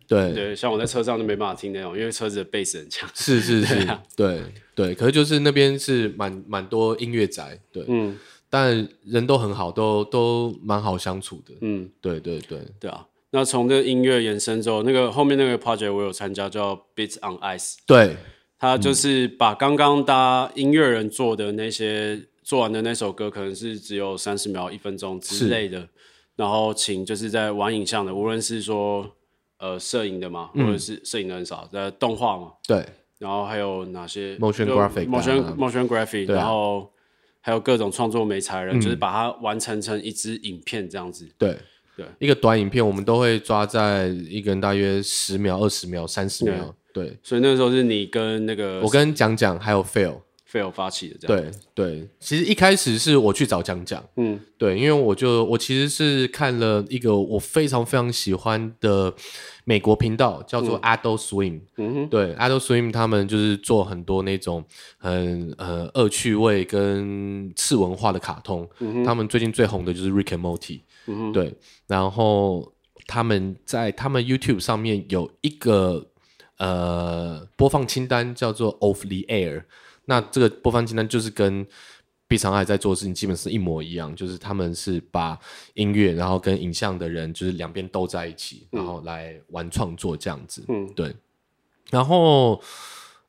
Speaker 2: 對對，像我在車上就沒辦法聽那種，因為車子的 bass 很強。是是是，
Speaker 1: 對、啊、對，對，可是就是那邊是蠻蠻多音樂宅，對，嗯，但人都很好，都都蠻好相處的，嗯，對對對，
Speaker 2: 對啊。那從這個音樂延伸之後，那個後面那個 project 我有參加，叫 Beats on Ice。對，他就是把剛剛搭音樂人做的那些做完的那首歌，可能是只有三十秒、一分鐘之類的，是然後請就是在玩影像的，無論是說。呃，攝影的嘛，或者是攝影的很少。呃，動畫嘛，對。然後還有哪些？motion graphic，motion motion graphic。然後還有各種創作媒材，人就是把它完成成一支影片這樣子。
Speaker 1: 對對，一個短影片，我們都會抓在一個人大約十秒、二十秒、三十秒。對。
Speaker 2: 所以那個時候是你跟那個我跟
Speaker 1: 講講，還有 fail。
Speaker 2: 非要發起的這樣
Speaker 1: 對對，其實一開始是我去找講講，嗯，對，因為我就我其實是看了一個我非常非常喜歡的美國頻道，叫做 Adult Swim，、嗯嗯、對，Adult Swim 他們就是做很多那種很呃惡趣味跟次文化的卡通，嗯、哼他們最近最紅的就是 Rick and Morty，嗯哼，對，然後他們在他們 YouTube 上面有一個呃播放清單叫做 Off the Air。那這個播放清單就是跟 B 長愛在做的事情，基本是一模一樣，就是他們是把音樂，然後跟影像的人，就是兩邊都在一起，然後來玩創作這樣子。嗯，對。然後，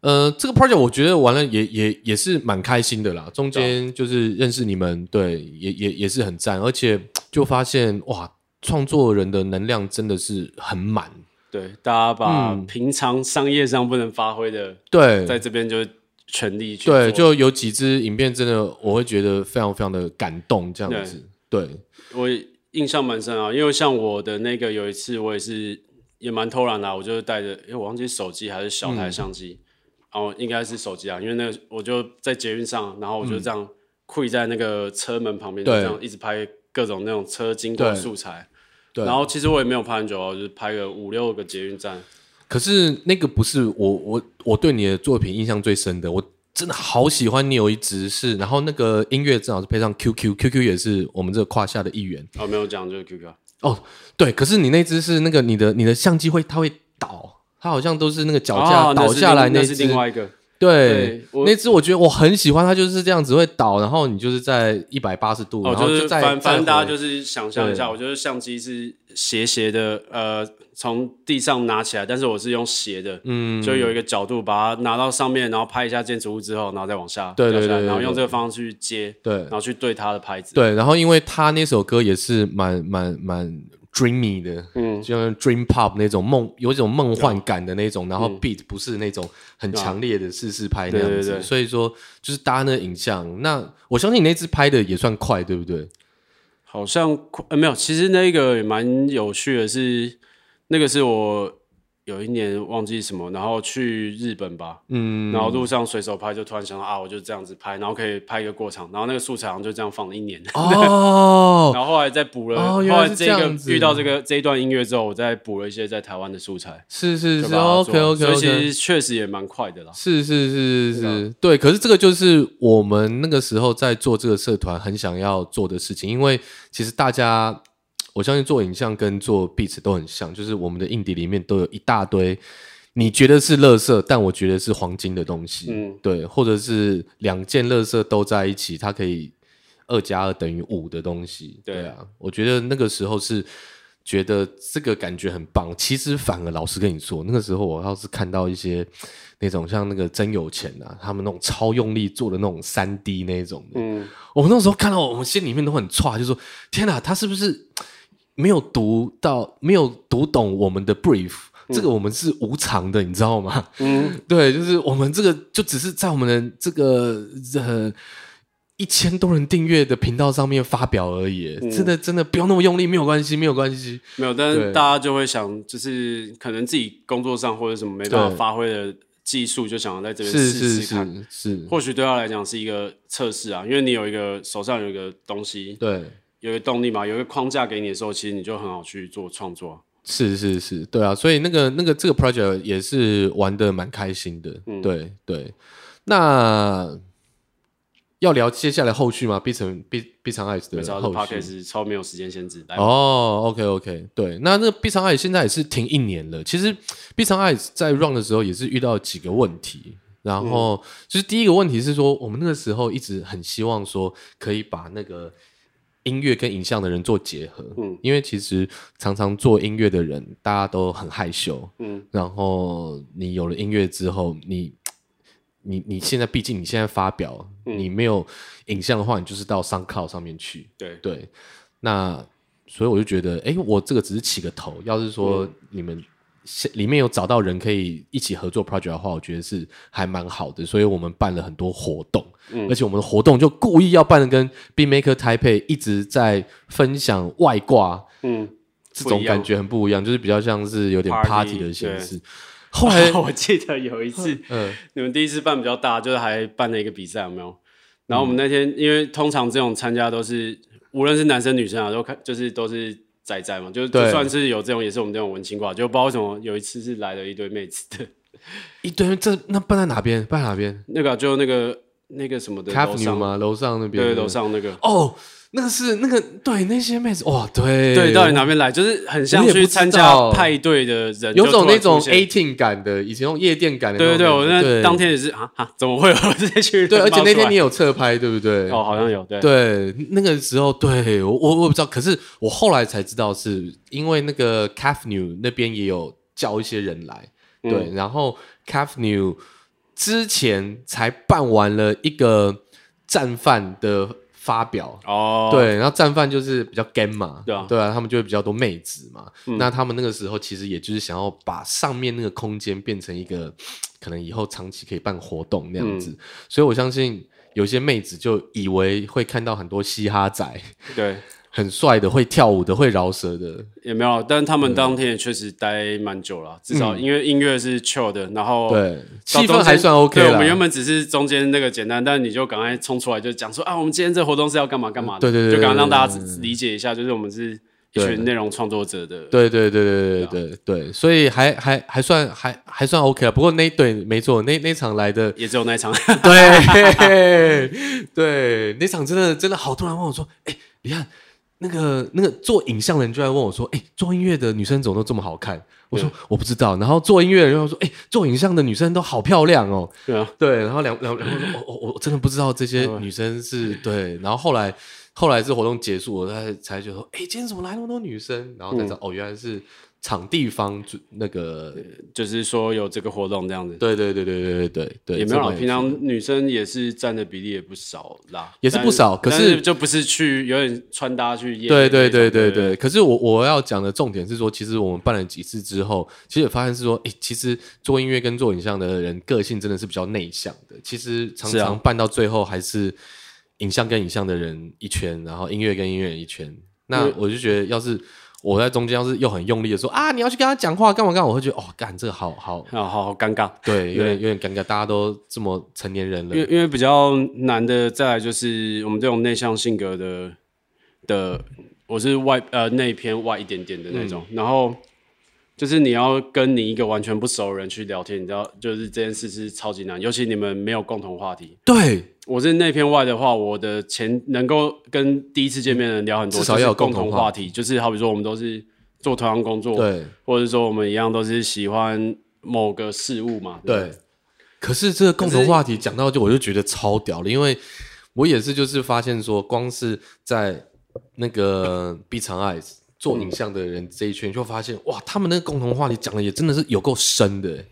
Speaker 1: 呃，這個 project 我覺得玩了也也也是蠻開心的啦。中間就是認識你們，對，也也也是很讚，而且就發現哇，創作人的能量真的是很滿。
Speaker 2: 對，大家把平常商業上不能發揮的、嗯，對，在這邊就。全力去。對，就
Speaker 1: 有幾支影片真的，我會覺得非常非常的感動，這樣子。對，
Speaker 2: 對我印象蠻深啊，因為像我的那個，有一次我也是也蠻偷懶的、啊，我就是帶着，因為我忘記手機還是小台相機，嗯、然後應該是手機啊，因為那個我就在捷運上，然後我就這樣跪在那個車門旁邊，嗯、就這樣一直拍各種那種車經過的素材。對對，然後其實我也沒有拍很久、啊，我就是拍個五六個捷運站。
Speaker 1: 可是那個不是我，我我對你的作品印象最深的，我真的好喜歡你有一支是，然後那個音樂正好是配上 QQ，QQ 也是我們這個胯下的一員。
Speaker 2: 哦，沒有講這個 QQ。哦、就是
Speaker 1: ，oh, 對，可是你那支是那個你的你的相機會它會倒，
Speaker 2: 它好像都是那個腳架倒下來那支、哦那是那個。那是另外一個對，對那次
Speaker 1: 我覺得我很喜歡，它就是這樣子會倒，然後你就是在一百八十度，哦就是、然後就是反正大家就是想象一下，對
Speaker 2: 我覺得相機是斜斜的，呃，從地上拿起來，但是我是用斜的，嗯，就有一個角度把它拿到上面，然後拍一下建築物之後，然後再往下，對對對，對，然後用這個方式去接，對，然後去對它的拍子，對，
Speaker 1: 然後因為他那首歌也是蠻蠻蠻。蠻蠻 Dreamy 的，嗯、就像 Dream Pop 那種夢，有一種夢幻感的那種，嗯、然後 beat 不是那種很強烈的四四拍，那樣子。嗯、對對對，所以說就是搭那影像。那我相信你那次拍的也算快，對不對？
Speaker 2: 好像快、呃，沒有，其實那個也蠻有趣的是，是那個是我。有一年忘記什麼，然後去日本吧，嗯，然後路上隨手拍，就突然想到啊，我就這樣子拍，然後可以拍一個過場，然後那個素材好像就這樣放了一年，哦、 然後後來再補了，哦、後來這個、哦、來這遇到這個這一段音樂之後，我再補了一些在台灣的素材，是是是，是、哦、OK OK OK，所以其實確實也蠻快的
Speaker 1: 啦，是是是是是，是對，可是這個就是我們那個時候在做這個社團很想要做的事情，因為其實大家。我相信做影像跟做壁紙都很像，就是我們的硬碟裡面都有一大堆，你覺得是垃圾，但我覺得是黃金的東西，嗯，對，或者是兩件垃圾都在一起，它可以二加二等於五的東西，對啊，我覺得那個時候是覺得這個感覺很棒。其實反而老實跟你說，那個時候我要是看到一些那種像那個真有錢啊，他們那種超用力做的那種三 D 那種的，嗯、我那時候看到我們心裡面都很剉，就說天哪、啊，他是不是？沒有讀到，沒有讀懂我們的 brief，、嗯、這個我們是無償的，你知道嗎？嗯，對，就是我們這個就只是在我們的這個呃一千多人訂閱的頻道上面發表而已、嗯真，真的真的不要那麼用力，沒有關係，沒有關係。嗯、
Speaker 2: 對沒有，但是大家就會想，就是可能自己工作上或者什麼沒辦法發揮的技術，就想要在這邊試試看，是，是是是，或許對他來講是一個測試啊，因為你有一個手上有一個東西，對。有一個動力嘛，有一個框架給你的時候，其實你就很好去做創作。
Speaker 1: 是是是，對啊，所以那個那個這個 project 也是玩得蠻開心的。嗯、對對，那要聊接下來後續嗎？B 成 B Beat on Ice 的後續是
Speaker 2: ets, 超沒有時間限制，對哦。
Speaker 1: OK OK，對，那那 Beat on Ice 現在也是停一年了。其實 Beat on Ice 在 run 的時候也是遇到幾個問題，然後、嗯、就是第一個問題是說，我們那個時候一直很希望說可以把那個。音樂跟影像的人做結合，嗯、因為其實常常做音樂的人，大家都很害羞，嗯、然後你有了音樂之後，你你你現在畢竟你現在發表，嗯、你沒有影像的話，你就是到 SoundCloud 上面去，對對，那所以我就覺得，哎，我這個只是起個頭，要是說你們。裡面有找到人可以一起合作 project 的話，我覺得是還蠻好的，所以我們辦了很多活動，嗯、而且我們的活動就故意要辦的跟 Beatmaker Taipei 一直在分享外掛，嗯，這種感覺很不一樣，一樣就是比較像是有點 party, party 的形式。
Speaker 2: 對後來我、啊、我記得有一次，嗯，呃、你們第一次辦比較大，就是還辦了一個比賽，有沒有？然後我們那天、嗯、因為通常這種參加都是無論是男生女生啊，都看就是都是。在在嘛，就對就算是有這種，也是我們這種文青掛，就不知道為什麼。有一次是來了一堆妹子的，
Speaker 1: 一堆這那辦在哪邊？
Speaker 2: 辦在哪邊？那個、啊、就那個那個什麼的樓上嗎？
Speaker 1: 樓上那邊？對，樓對上那個哦。Oh! 那個是那個，對那些妹子哇，對對，到底哪邊來？我就是很像去參加派
Speaker 2: 對的人，有種那種
Speaker 1: eighting 感的，以前那種夜店感的。對對，我那對當天
Speaker 2: 也是啊啊，怎麼會我直接去？對，而且那天你
Speaker 1: 有側拍，對不對？哦，好像有。對對，那個時候對我我我不知道，可是我後來才知道，是因為那個 CAFNU 那邊也有叫一些人來，嗯、對，然後 CAFNU 之前才辦完了一個戰犯的。發表、
Speaker 2: oh。對，然
Speaker 1: 後戰犯就是比較 game 嘛，對啊，對啊，他們就會比較多妹子嘛。嗯、那他們那個時候其實也就是想要把上面那個空間變成一個可能以後長期可以辦活動那樣子，嗯、所以我相信有些妹子就以為會看到很多嘻哈仔，對。很帥的，會跳舞的，會饒舌的
Speaker 2: 也沒有，但他們當天也確實待蠻久了，對至少因為音樂是 chill 的，然後對氣氛還算 OK。對，我們原本只是中間那個簡單，但你就趕快衝出來就講說啊，我們今天這活動是要幹嘛幹嘛的，嗯、對，對，對對對，就趕快讓大家、嗯、理解一下，就是我們是一群內容創作者的，對
Speaker 1: 對對對對對對，道對對對所以還還還算還還算 OK 了。不過那一對，沒錯，那那一場來的
Speaker 2: 也只有那一場對， 對對，那一場真的真的好多人問我說，哎，
Speaker 1: 你看。那個那個做影像的人就在問我，說：“哎、欸，做音樂的女生怎麼都這麼好看？”對我說：“我不知道。”然後做音樂的人就說：“哎、欸，做影像的女生都好漂亮哦。”對啊，對。然後兩兩兩個人說：“ 哦，我我真的不知道這些女生是對。”然後後來後來這活動結束，我才才覺得說：“哎、欸，今天怎麼來那麼多女生？”然後才知道、嗯、哦，原來是。場地方就那個，就是說有這個活動這樣子。對對對對對對對，對也沒有啊。平
Speaker 2: 常女生也是占的比例也不少啦，但也是不少。可是，是就不是去有點穿搭去演。對對，對對對對對。
Speaker 1: 對，可是我我要講的重點是說，其實我們辦了幾次之後，其實有發現是說，哎，其實做音樂跟做影像的人個性真的是比較內向的。其實常常辦到最後還是影像跟影像的人一圈，然後音樂跟音樂一圈。為那我就覺得要是。我在中間要是又很用力的說啊，你要去跟他講話幹嘛幹嘛，我會覺得哦，幹這個好好
Speaker 2: 好好尷尬，對，有點對有點尷尬，大家都這麼成年人了，因為因為比較難的，再來就是我們這種內向性格的的，我是外呃內偏外一點點的那種，嗯、然後。就是你要跟你一個完全不熟的人去聊天，你知道，就是這件事是超級難，尤其你們沒有共同話題。對，我是那片外的話，我的前能夠跟第一次見面的人聊很多，至少要有共同，共同話題。就是好比說，我們都是做同樣工作，對，或者說我們一樣都是喜歡某個事物嘛。對，
Speaker 1: 對，對。可是這個共同話題講到就我就覺得超屌的，是因為我也是就是發現說，光是在那個必嘗愛。做影像的人這一圈、嗯、你就發現，哇，他們那個共同話題講的也真的是有夠深的，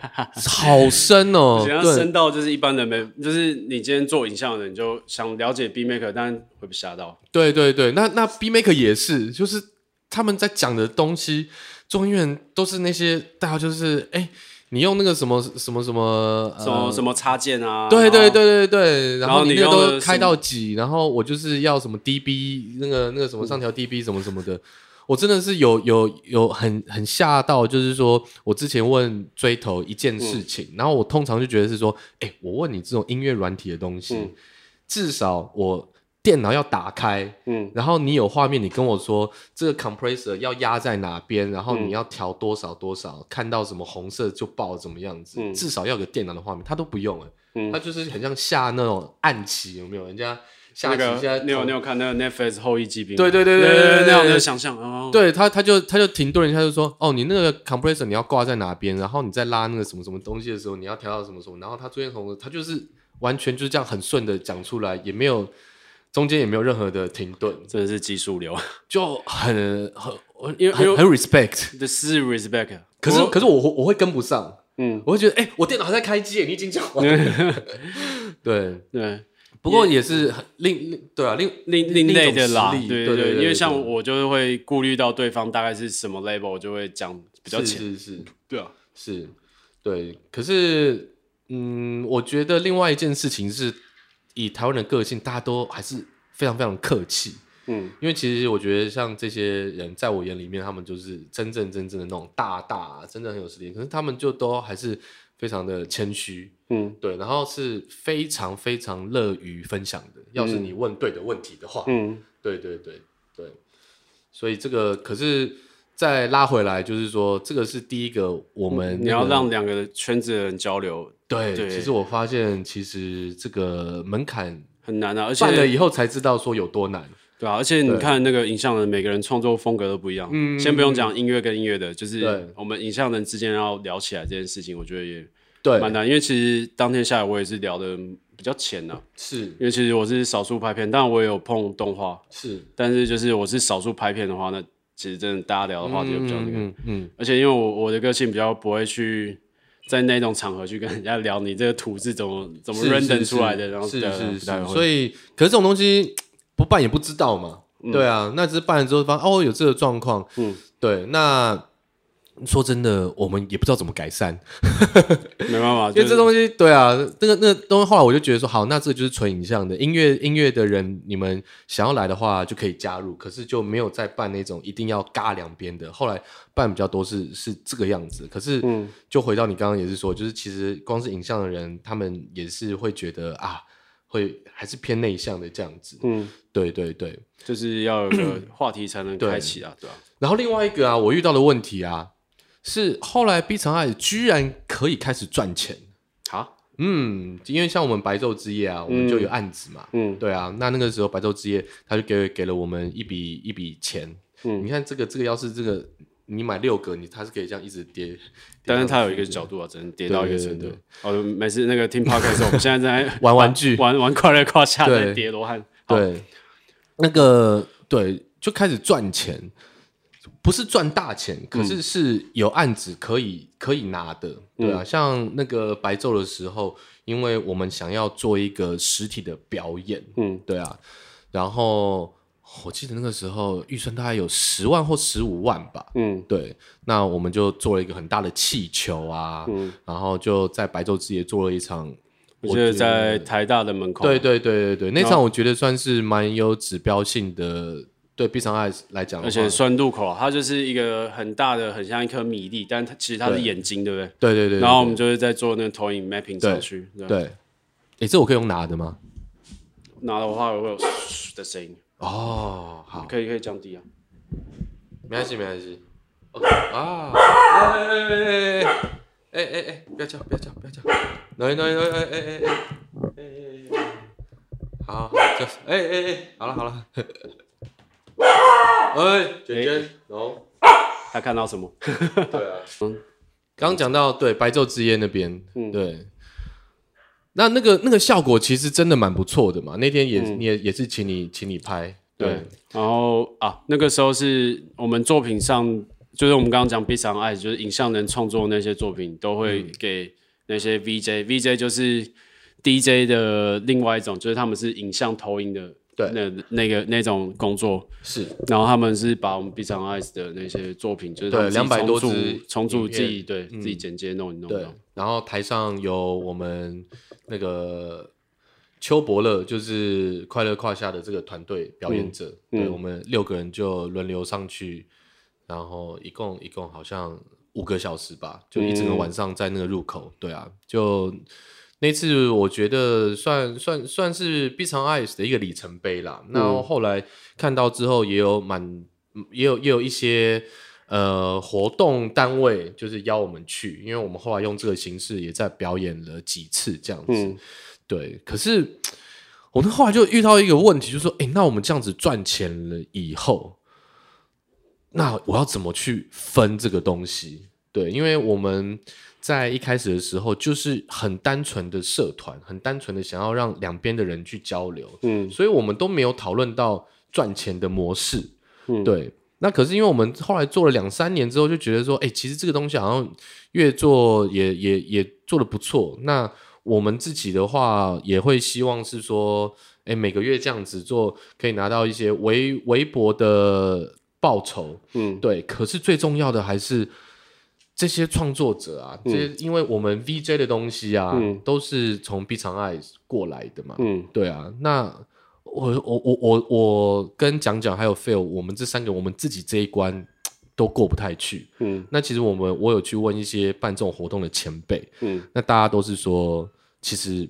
Speaker 1: 好深哦、喔， 對，深
Speaker 2: 到就是一般人沒，就是你今天做影像的人，就想了解 beatmaker，但會被嚇到。
Speaker 1: 對對對，那那 beatmaker 也是，就是他們在講的東西，中醫院都是那些，大家就是哎。欸你用那個什麼什麼什麼什麼什麼插件啊？對對對對對，對，然後裡面都開到幾？然後我就是要什麼 DB 那個那個什麼上調 DB 什麼什麼的，我真的是有有有很很嚇到，就是說我之前問追頭一件事情，然後我通常就覺得是說，哎，我問你這種音樂軟體的東西，至少我。電腦要打開，嗯，然後你有畫面，你跟我說這個 compressor 要壓在哪邊，然後你要調多少多少，看到什麼紅色就爆怎麼樣子，至少要有電腦的畫面，他都不用，哎，他就是很像下那種暗棋，有沒有？人家下棋，人你有你
Speaker 2: 有看那個 Netflix 後翼棄兵？對對對對對對，那樣的想象啊，對
Speaker 1: 他他就他就停頓一下，就說哦，你那個 compressor 你要掛在哪邊，然後你再拉那個什麼什麼東西的時候，你要調到什麼什麼，然後他朱彥紅他就是完全就是這樣很順的講出來，也沒有。中間也沒有任何的停頓，真的是技術流，就很很我因為很很 respect
Speaker 2: 的是 respect，可是可
Speaker 1: 是我我會跟不上，嗯，我會覺得哎，我電腦還在開機，你已經講完了。對對，
Speaker 2: 不過也是很另另對啊，另另另一類的啦，對對對，因為像我就是會顧慮到對方大概是什麼 level 我就會講比較淺，是是，對啊，是，對，
Speaker 1: 可是嗯，我覺得另外一件事情是。以台灣人的個性，大家都還是非常非常客氣，嗯，因為其實我覺得像這些人，在我眼裡面，他們就是真正真正的那種大大、啊，真正很有實力，可是他們就都還是非常的謙虛，嗯，對，然後是非常非常樂於分享的。嗯、要是你問對的問題的話，嗯，對對對對，所以這個可是。再拉回來，就是說，這個是第一個我們個、嗯、你要讓
Speaker 2: 兩個圈子的人交流。對，對，其實我發現，其實這個門檻很難啊，而且辦了以後才知道說有多難。對啊，而且你看那個影像人，每個人創作風格都不一樣。嗯對，先不用講音樂跟音樂的，嗯、就是我們影像人之間要聊起來這件事情，我覺得也蠻難。對因為其實當天下來，我也是聊得比較淺了、啊、是因為其實我是少數拍片，當然我也有碰動畫。是，但是就是我是少數拍片的話，那。其實真的，大家聊的話題比較那個，嗯，而且因為我我的個性比較不會去在那種場合去跟人家聊你這個圖是怎麼怎麼認證出來的，然後是，是是是，所以可
Speaker 1: 是這種東西不辦也不知道嘛，嗯、對啊，那只是辦了之後發現哦有這個狀況，嗯，對，那。說真的，我們也不知道怎麼改善，
Speaker 2: 沒辦法，因為這東西，
Speaker 1: 對啊，那個那東西，後來我就覺得說，好，那這就是純影像的音樂，音樂的人，你們想要來的話就可以加入，可是就沒有再辦那種一定要尬兩邊的。後來辦比較多是是這個樣子，可是、嗯、就回到你剛剛也是說，就是其實光是影像的人，他們也是會覺得啊，會還是偏內向的這樣子，嗯，對對對，
Speaker 2: 就是要有一個話題才能開啟啊， 對吧？對啊、
Speaker 1: 然後另外一個啊，我遇到的問題啊。是後來 B 層 I 居然可以開始賺錢，好哈，嗯，因為像我們白晝之夜啊，我們就有案子嘛，嗯，嗯對啊，那那個時候白晝之夜他就給給了我們一筆一筆錢，嗯，你看這個這個要是這個你買六個你它是可以這樣一直疊，疊但是它有一個角度啊，只能疊到一個程度。
Speaker 2: 哦，每次那個聽 podcast， 我們現在在玩，玩玩具，玩玩快樂胯下在疊羅漢，對，好對，
Speaker 1: 那個對，就開始賺錢。不是賺大錢，可是是有案子可以、嗯、可以拿的，對啊，嗯、像那個白晝的時候，因為我們想要做一個實體的表演，嗯，對啊，然後我記得那個時候預算大概有十萬或十五萬吧，嗯，對，那我們就做了一個很大的氣球啊，嗯、然後就在白晝之夜做了一場，
Speaker 2: 我覺得是在台大的門口、啊，對對對對對，那場我
Speaker 1: 覺得算是蠻有指標性的。對，閉上眼來講，而且酸度
Speaker 2: 口、啊，嗯、它就是一個很大的，很像一顆米粒，但它其實它是眼睛，對不對？對，對對對。然後我們就是在做那個投影 mapping 去。對。哎
Speaker 1: 吧、欸，這我可以用拿的嗎？
Speaker 2: 拿的話我會有噓噓的聲音。哦，好，可以可以降低啊。沒關係沒關係，OK。哦、啊！哎哎哎哎哎哎哎哎！不要叫
Speaker 1: 不要叫不要叫！哎哎哎哎哎哎哎哎哎哎哎哎！好，就是哎哎哎，好了好了。 哎，捲捲、
Speaker 2: 欸、然後他看到什麼？對
Speaker 1: 啊，剛講到對白晝之夜那邊，嗯，對，那那個那個效果其實真的蠻不錯的嘛。那天也、嗯、也也是請你請你拍，對，
Speaker 2: 對然後啊，那個時候是我們作品上，就是我們剛剛講 B 站 i，就是影像能創作的那些作品，都會給那些 VJ，VJ、嗯、就是 DJ 的另外一種，就是他們是影像投影的。對那那個那種工作是，然後他們是把我們 Beyond Eyes 的那些作品，對就是兩百多支重組自己，對、嗯、自己剪接弄一弄，弄。然後台上有
Speaker 1: 我們那個邱伯樂，就是快樂跨下的這個團隊表演者，嗯、對，我們六個人就輪流上去，然後一共一共好像五個小時吧，就一整個晚上在那個入口，嗯、對啊，就。那次我覺得算算算是 Beat on Ice 的一個里程碑啦。嗯、那後來看到之後，也有蠻，也有也有一些呃活動單位就是邀我們去，因為我們後來用這個形式也在表演了幾次這樣子。嗯、對，可是我們後來就遇到一個問題，就是說：誒，那我們這樣子賺錢了以後，那我要怎麼去分這個東西？對，因為我們。在一開始的時候，就是很單純的社團，很單純的想要讓兩邊的人去交流，嗯，所以我們都沒有討論到賺錢的模式，嗯、對。那可是因為我們後來做了兩三年之後，就覺得說，哎、欸，其實這個東西好像越做也也也做得不錯。那我們自己的話，也會希望是說，哎、欸，每個月這樣子做，可以拿到一些微微薄的報酬，嗯，對。可是最重要的還是。這些創作者啊，嗯、這些因為我們 VJ 的東西啊，嗯、都是從 B 廠愛過來的嘛。嗯、對啊。那我我我我我跟蔣蔣還有 fail，我們這三個我們自己這一關都過不太去。嗯，那其實我們我有去問一些辦這種活動的前輩。嗯，那大家都是說，其實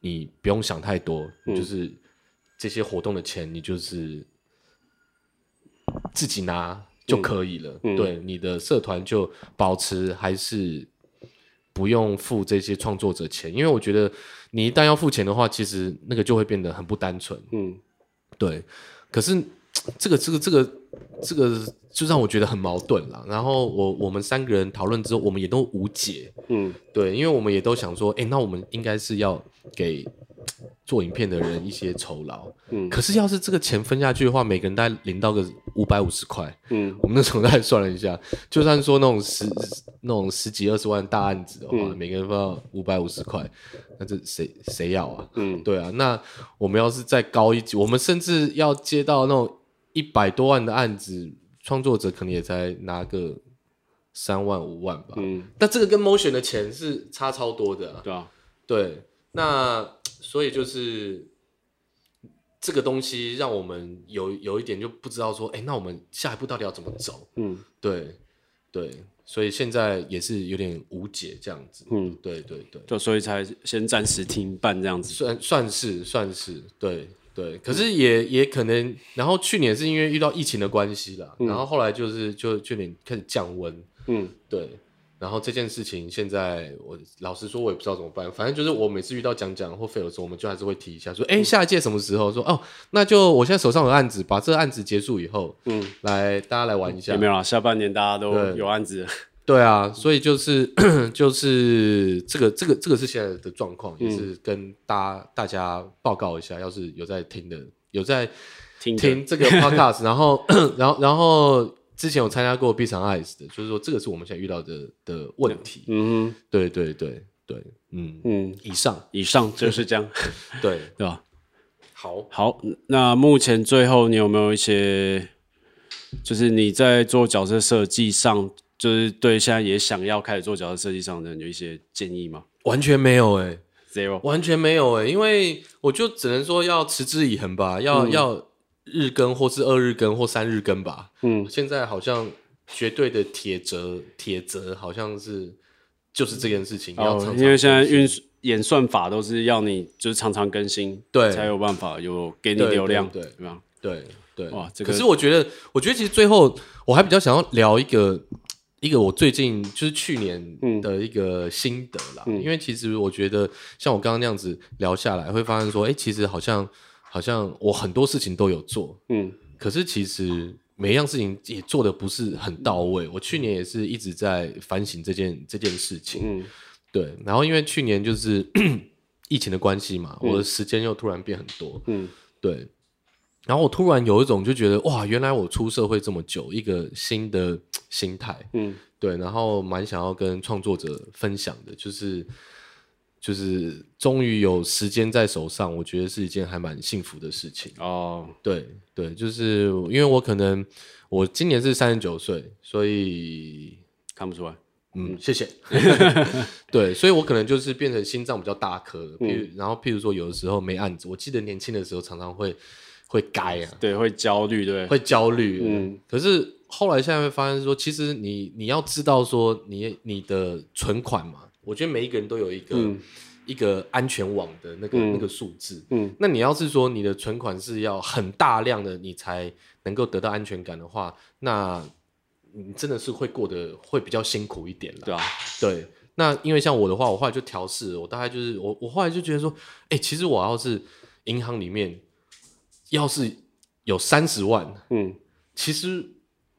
Speaker 1: 你不用想太多，嗯、就是這些活動的錢，你就是自己拿。就可以了，嗯嗯、對你的社團就保持還是不用付這些創作者錢，因為我覺得你一旦要付錢的話，其實那個就會變得很不單純，嗯，對。可是這個這個這個這個就讓我覺得很矛盾了。然後我我們三個人討論之後，我們也都無解，嗯，對，因為我們也都想說，誒，那我們應該是要給。做影片的人一些酬勞，嗯、可是要是這個錢分下去的話，每個人大概領到個五百五十塊，嗯，我們那時候算了一下，就算說那種十那種十幾二十萬大案子的話，嗯、每個人分到五百五十塊，那這誰誰要啊？嗯，對啊，那我們要是再高一級，我們甚至要接到那種一百多萬的案子，創作者可能也才拿個三萬五萬吧，嗯，但這個跟 Motion 的錢是差超多的、啊，對啊，對，那。所以就是這個東西，讓我們有有一點就不知道說，哎、欸，那我們下一步到底要怎麼走？嗯，對，
Speaker 2: 對，所以現在也是有點無解這樣子。嗯，對對對，就所以才先暫時停辦這樣子，算算是算是，對對。可是也、
Speaker 1: 嗯、也可能，然後去年是因為遇到疫情的關係了，嗯、然後後來就是就就有點開始降溫。嗯，對。然後這件事情現在，我老實說，我也不知道怎麼辦。反正就是，我每次遇到講講或 fail 的時候，我們就還是會提一下，說：“哎、嗯，下一屆什麼時候？”說：“哦，那就我現在手上有案子，把這個案子結束以後，嗯，來大家來玩一下。”沒有啊？
Speaker 2: 下半年大家都有案子對。
Speaker 1: 對啊，所以就是、嗯、就是這個這個這個是現在的狀況，嗯、也是跟大家大家報告一下。要是有在聽的，有在聽這個 podcast，然後然聽後的 然後。然後然後之前有參加過 B 站 Ice
Speaker 2: 的，就是說這個是我們現在遇到的的問題。嗯，對、
Speaker 1: 嗯、對對對，對嗯
Speaker 2: 嗯，以上以上就是這樣， 對對，對吧？好，好，那目前最後你有沒有一些，就是你在做角色設計上，就是對現在也想要開始做角色設計上的有一些建議嗎？
Speaker 1: 完全沒有哎、
Speaker 2: 欸、Zero 完全沒有哎、欸，因為我就只能說要持之以恆吧，要要。
Speaker 1: 嗯日更或是二日更或三日更吧，嗯，現在好像絕對的
Speaker 2: 鐵則，鐵則好像是就是這件事情，因為現在運演算法都是要你就是常常更新，對，才有辦法有給你流量，對，對吧？對對對對、哇、這個、可是我
Speaker 1: 覺得，我覺得其實最後我還比較想要聊一個一個我最近就是去年嗯的一個心得啦，嗯嗯、因為其實我覺得像我剛剛那樣子聊下來，會發現說，哎、欸，其實好像。好像我很多事情都有做，嗯，可是其實每一樣事情也做得不是很到位。我去年也是一直在反省這件這件事情，嗯，對。然後因為去年就是 疫情的關係嘛，我的時間又突然變很多，嗯，對。然後我突然有一種就覺得，哇，原來我出社會這麼久，一個新的心態，嗯，對。然後蠻想要跟創作者分享的，就是。就是終於有時間在手上，我覺得是一件還蠻幸福的事情哦。Oh. 對對，就是因為我可能我今年是三十九歲，所以看不出來。嗯，謝謝。 對，所以我可能就是變成心臟比較大顆。嗯，比如，然後，譬如說，有的時候沒案子，我記得年輕的時候常常會會該啊，對，會焦慮，對，會焦慮。嗯，嗯。可是後來現在會發現說，其實你你要知道說你，你你的存款嘛。我覺得每一個人都有一個、嗯、一個安全網的那個那個數字，嗯，那你要是說你的存款是要很大量的，你才能夠得到安全感的話，那你真的是會過得會比較辛苦一點了，對啊。對，那因為像我的話，我後來就調試，我大概就是我我後來就覺得說，哎、欸，其實我要是銀行裡面要是有三十萬，嗯，其實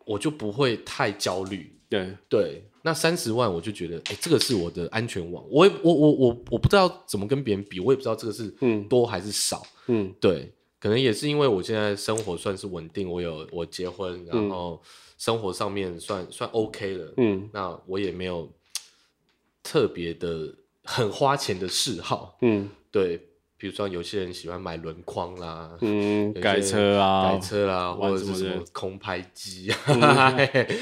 Speaker 1: 我就不會太焦慮，對對。對。那三十萬，我就覺得，哎、欸，這個是我的安全網。我也，我，我，我，我不知道怎麼跟別人比，我也不知道這個是嗯多還是少，嗯，嗯對，可能也是因為我現在生活算是穩定，我有我結婚，然後生活上面算、嗯、算 OK 了，嗯，那我也沒有特別的很花錢的嗜好，嗯，對。比如說有些人喜歡買輪框啦，嗯，改車啊，改車啊，或者是什麼
Speaker 2: 空拍機啊，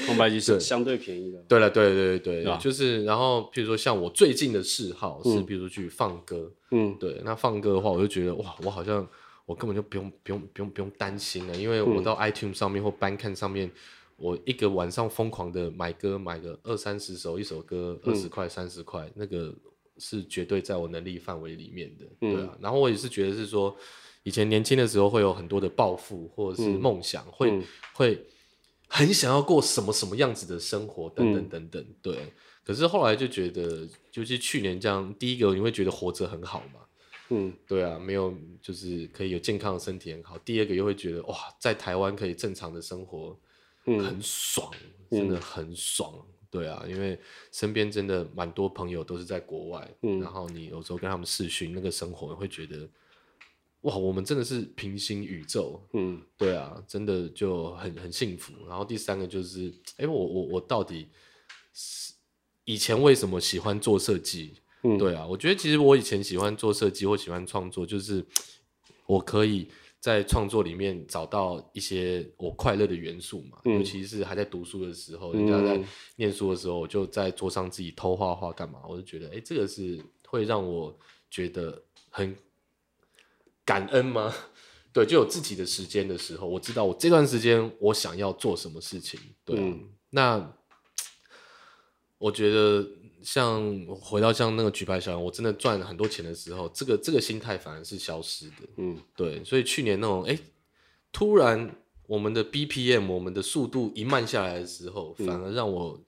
Speaker 2: 空拍機是相對便宜的。對了，對對對，就
Speaker 1: 是然後比如說像我
Speaker 2: 最近的嗜好是，比如去
Speaker 1: 放歌，嗯，對，那放歌的話，我就覺得哇，我好像我根本就不用不用不用不用擔心了，因為我到 iTunes 上面或 Bandcamp 上面，我一個晚上瘋狂的買歌，買個二三十首，一首歌二十塊三十塊那個。是絕對在我能力範圍裡面的，對啊。然後我也是覺得是說，以前年輕的時候會有很多的抱負或者是夢想，嗯、會、嗯、會很想要過什麼什麼樣子的生活等等等等，對。可是後來就覺得，就是去年這樣，第一個你會覺得活着很好嘛，嗯，對啊，沒有就是可以有健康的身體很好。第二個又會覺得哇，在台灣可以正常的生活，嗯，很爽，真的很爽。嗯對啊，因為身邊真的蠻多朋友都是在國外，嗯、然後你有時候跟他們視訊，那個生活會覺得，哇，我們真的是平行宇宙，嗯，對啊，真的就很很幸福。然後第三個就是，哎、欸，我我我到底是以前為什麼喜歡做設計？嗯、對啊，我覺得其實我以前喜歡做設計或喜歡創作，就是我可以。在創作裡面找到一些我快樂的元素嘛，尤其是還在讀書的時候，嗯，人家在念書的時候，我就在桌上自己偷畫畫幹嘛？我就覺得，誒，欸，這個是會讓我覺得很感恩嗎？對，就有自己的時間的時候，我知道我這段時間我想要做什麼事情。對啊，嗯，那我覺得。像回到像那個舉牌小人，我真的賺了很多錢的時候，這個這個心態反而是消失的。嗯，對，所以去年那種，哎、欸，突然我們的 BPM 我們的速度一慢下來的時候，反而讓我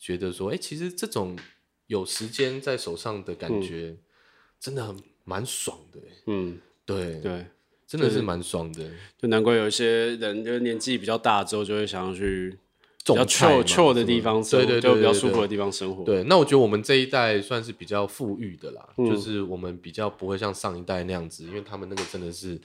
Speaker 1: 覺得說，哎、欸，其實這種有時間在手上的感覺，嗯、真的很蠻爽的、欸。嗯，對對，真的是蠻爽的、就
Speaker 2: 是。就難怪有一些人就年紀比較大之後，就會想要去。比較臭臭的地方，比較舒服的地方生活，對對對對對對。對，
Speaker 1: 那我覺得我們這一代算是比較富裕
Speaker 2: 的啦，嗯、就是
Speaker 1: 我們比較不會像上一代那樣子，因為他們那個真的是，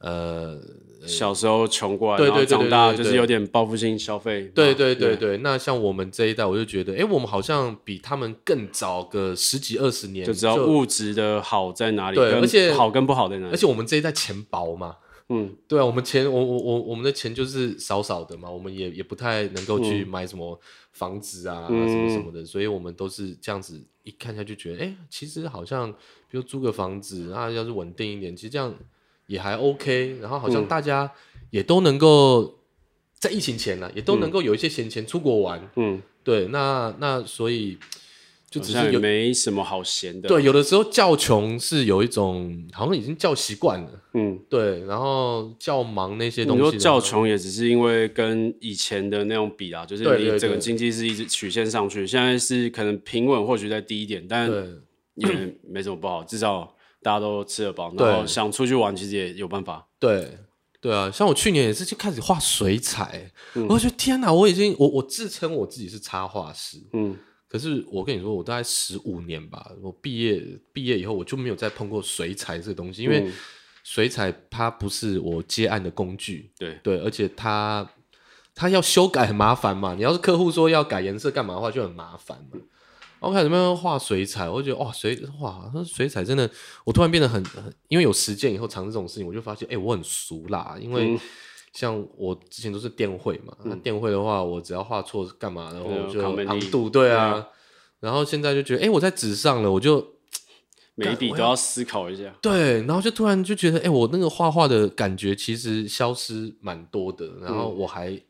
Speaker 1: 呃，小時候窮過來，欸、然後長大就是有點
Speaker 2: 報復性消費。對對，對對對
Speaker 1: 對，那像我們這一代，我就覺得，哎、欸，我們好像比他們更早個十幾二十年，就知道物質
Speaker 2: 的好在哪裡，而且對好
Speaker 1: 跟不好在哪裡而，而且
Speaker 2: 我們這一代錢薄嘛。
Speaker 1: 嗯，對啊，我們錢，我我我我們的錢就是少少的嘛，我們也也不太能夠去買什麼房子啊，嗯、啊什麼什麼的，所以我們都是這樣子一看下就覺得，哎、欸，其實好像比如租個房子啊，要是穩定一點，其實這樣也還 OK，然後好像大家也都能夠在疫情前呢、啊，也都能夠有一些閒錢出國玩，嗯，
Speaker 2: 嗯對，那那所以。就只是也沒什麼好閒的、啊。對，有的時
Speaker 1: 候叫窮是有一種，好像已經叫習慣了。嗯，對。然後叫忙那些東西的，你說叫
Speaker 2: 窮也只是因為跟以前的那種比啊，就是你整個經濟是一直曲線上去，對對對，現在是可能平穩，或許再低一點，但也沒什麼不好，對至少大家都吃得飽，然後想出去玩其實也有辦法。對，對，
Speaker 1: 對啊，像我去年也是就開始畫水彩，嗯、我覺得天哪、啊，我已經我我自稱我自己是插畫師，嗯。可是我跟你說，我大概十五年吧，我畢業畢業以後我就沒有再碰過水彩這個東西，因為水彩它不是我接案的工具，嗯、對對，而且它它要修改很麻煩嘛，你要是客戶說要改顏色幹嘛的話就很麻煩嘛。我開始慢慢畫水彩，我就覺得哇，水，哇，水彩真的，我突然變得很很，因為有時間以後嘗試這種事情，我就發現哎，我很熟啦，因為。嗯像我之前都是電繪嘛，那、嗯啊、電繪的話，我只要畫錯幹嘛，然後我就扛不住，對啊。對啊然後現在就覺得，哎、欸，我在紙上了，我就
Speaker 2: 每一筆都要思考一下。
Speaker 1: 對，然後就突然就覺得，哎、欸，我那個畫畫的感覺其實消失蠻多的。然後我還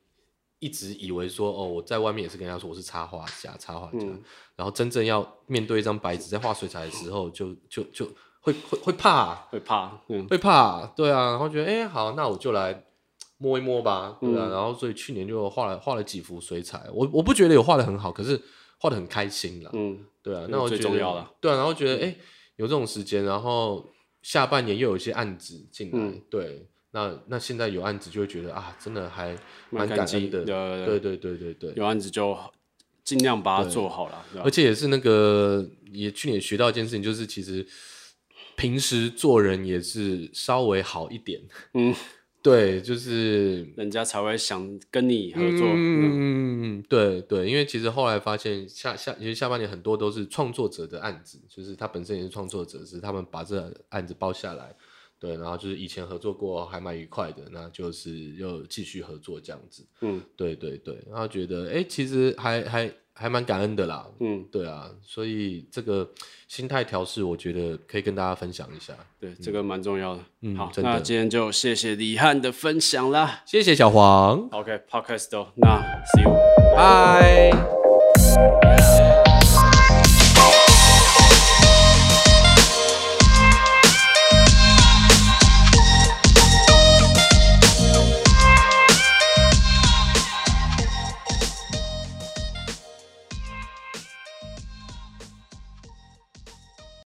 Speaker 1: 一直以為說，嗯、哦，我在外面也是跟人家說我是插畫家，插畫家。嗯、然後真正要面對一張白紙，在畫水彩的時候，就就就會會會怕，會怕，會怕，嗯、會怕，對啊。然後覺得，哎、欸，好，那我就來。摸一摸吧，對啊，然後所以去年就畫了畫了幾幅水彩，我我不覺得有畫的很好，可是畫的很開心了，嗯，對啊，那我覺得，對啊，然後覺得哎，有這種時間，然後下半年又有一些案子進來，對，那那現在
Speaker 2: 有案子就會覺得啊，真的還蠻感激的，對對對對對，有案子就盡量把它做好了，而
Speaker 1: 且也是那個也去年學到一件事情，就是其實
Speaker 2: 平時做人也是稍微好一點，嗯。對，就是人家才會想跟你合作。嗯，嗯，對對，因為
Speaker 1: 其實後來發現下下，其實下半年很多都是創作者的案子，就是他本身也是創作者，是他們把這個案子包下來。對，然後就是以前合作過還蠻愉快的，那就是又繼續合作這樣子。嗯，對對對，然後覺得哎，欸，其實還還。還蠻感恩的啦，嗯，對啊，所以這個心態調適，我覺得
Speaker 2: 可以跟大家分享一下。對，這個蠻重要的。嗯，好，的那今天就謝謝李翰的分享啦。
Speaker 1: 謝謝小黃。
Speaker 2: OK，Podcast，okay, 嗯、那 See you，hi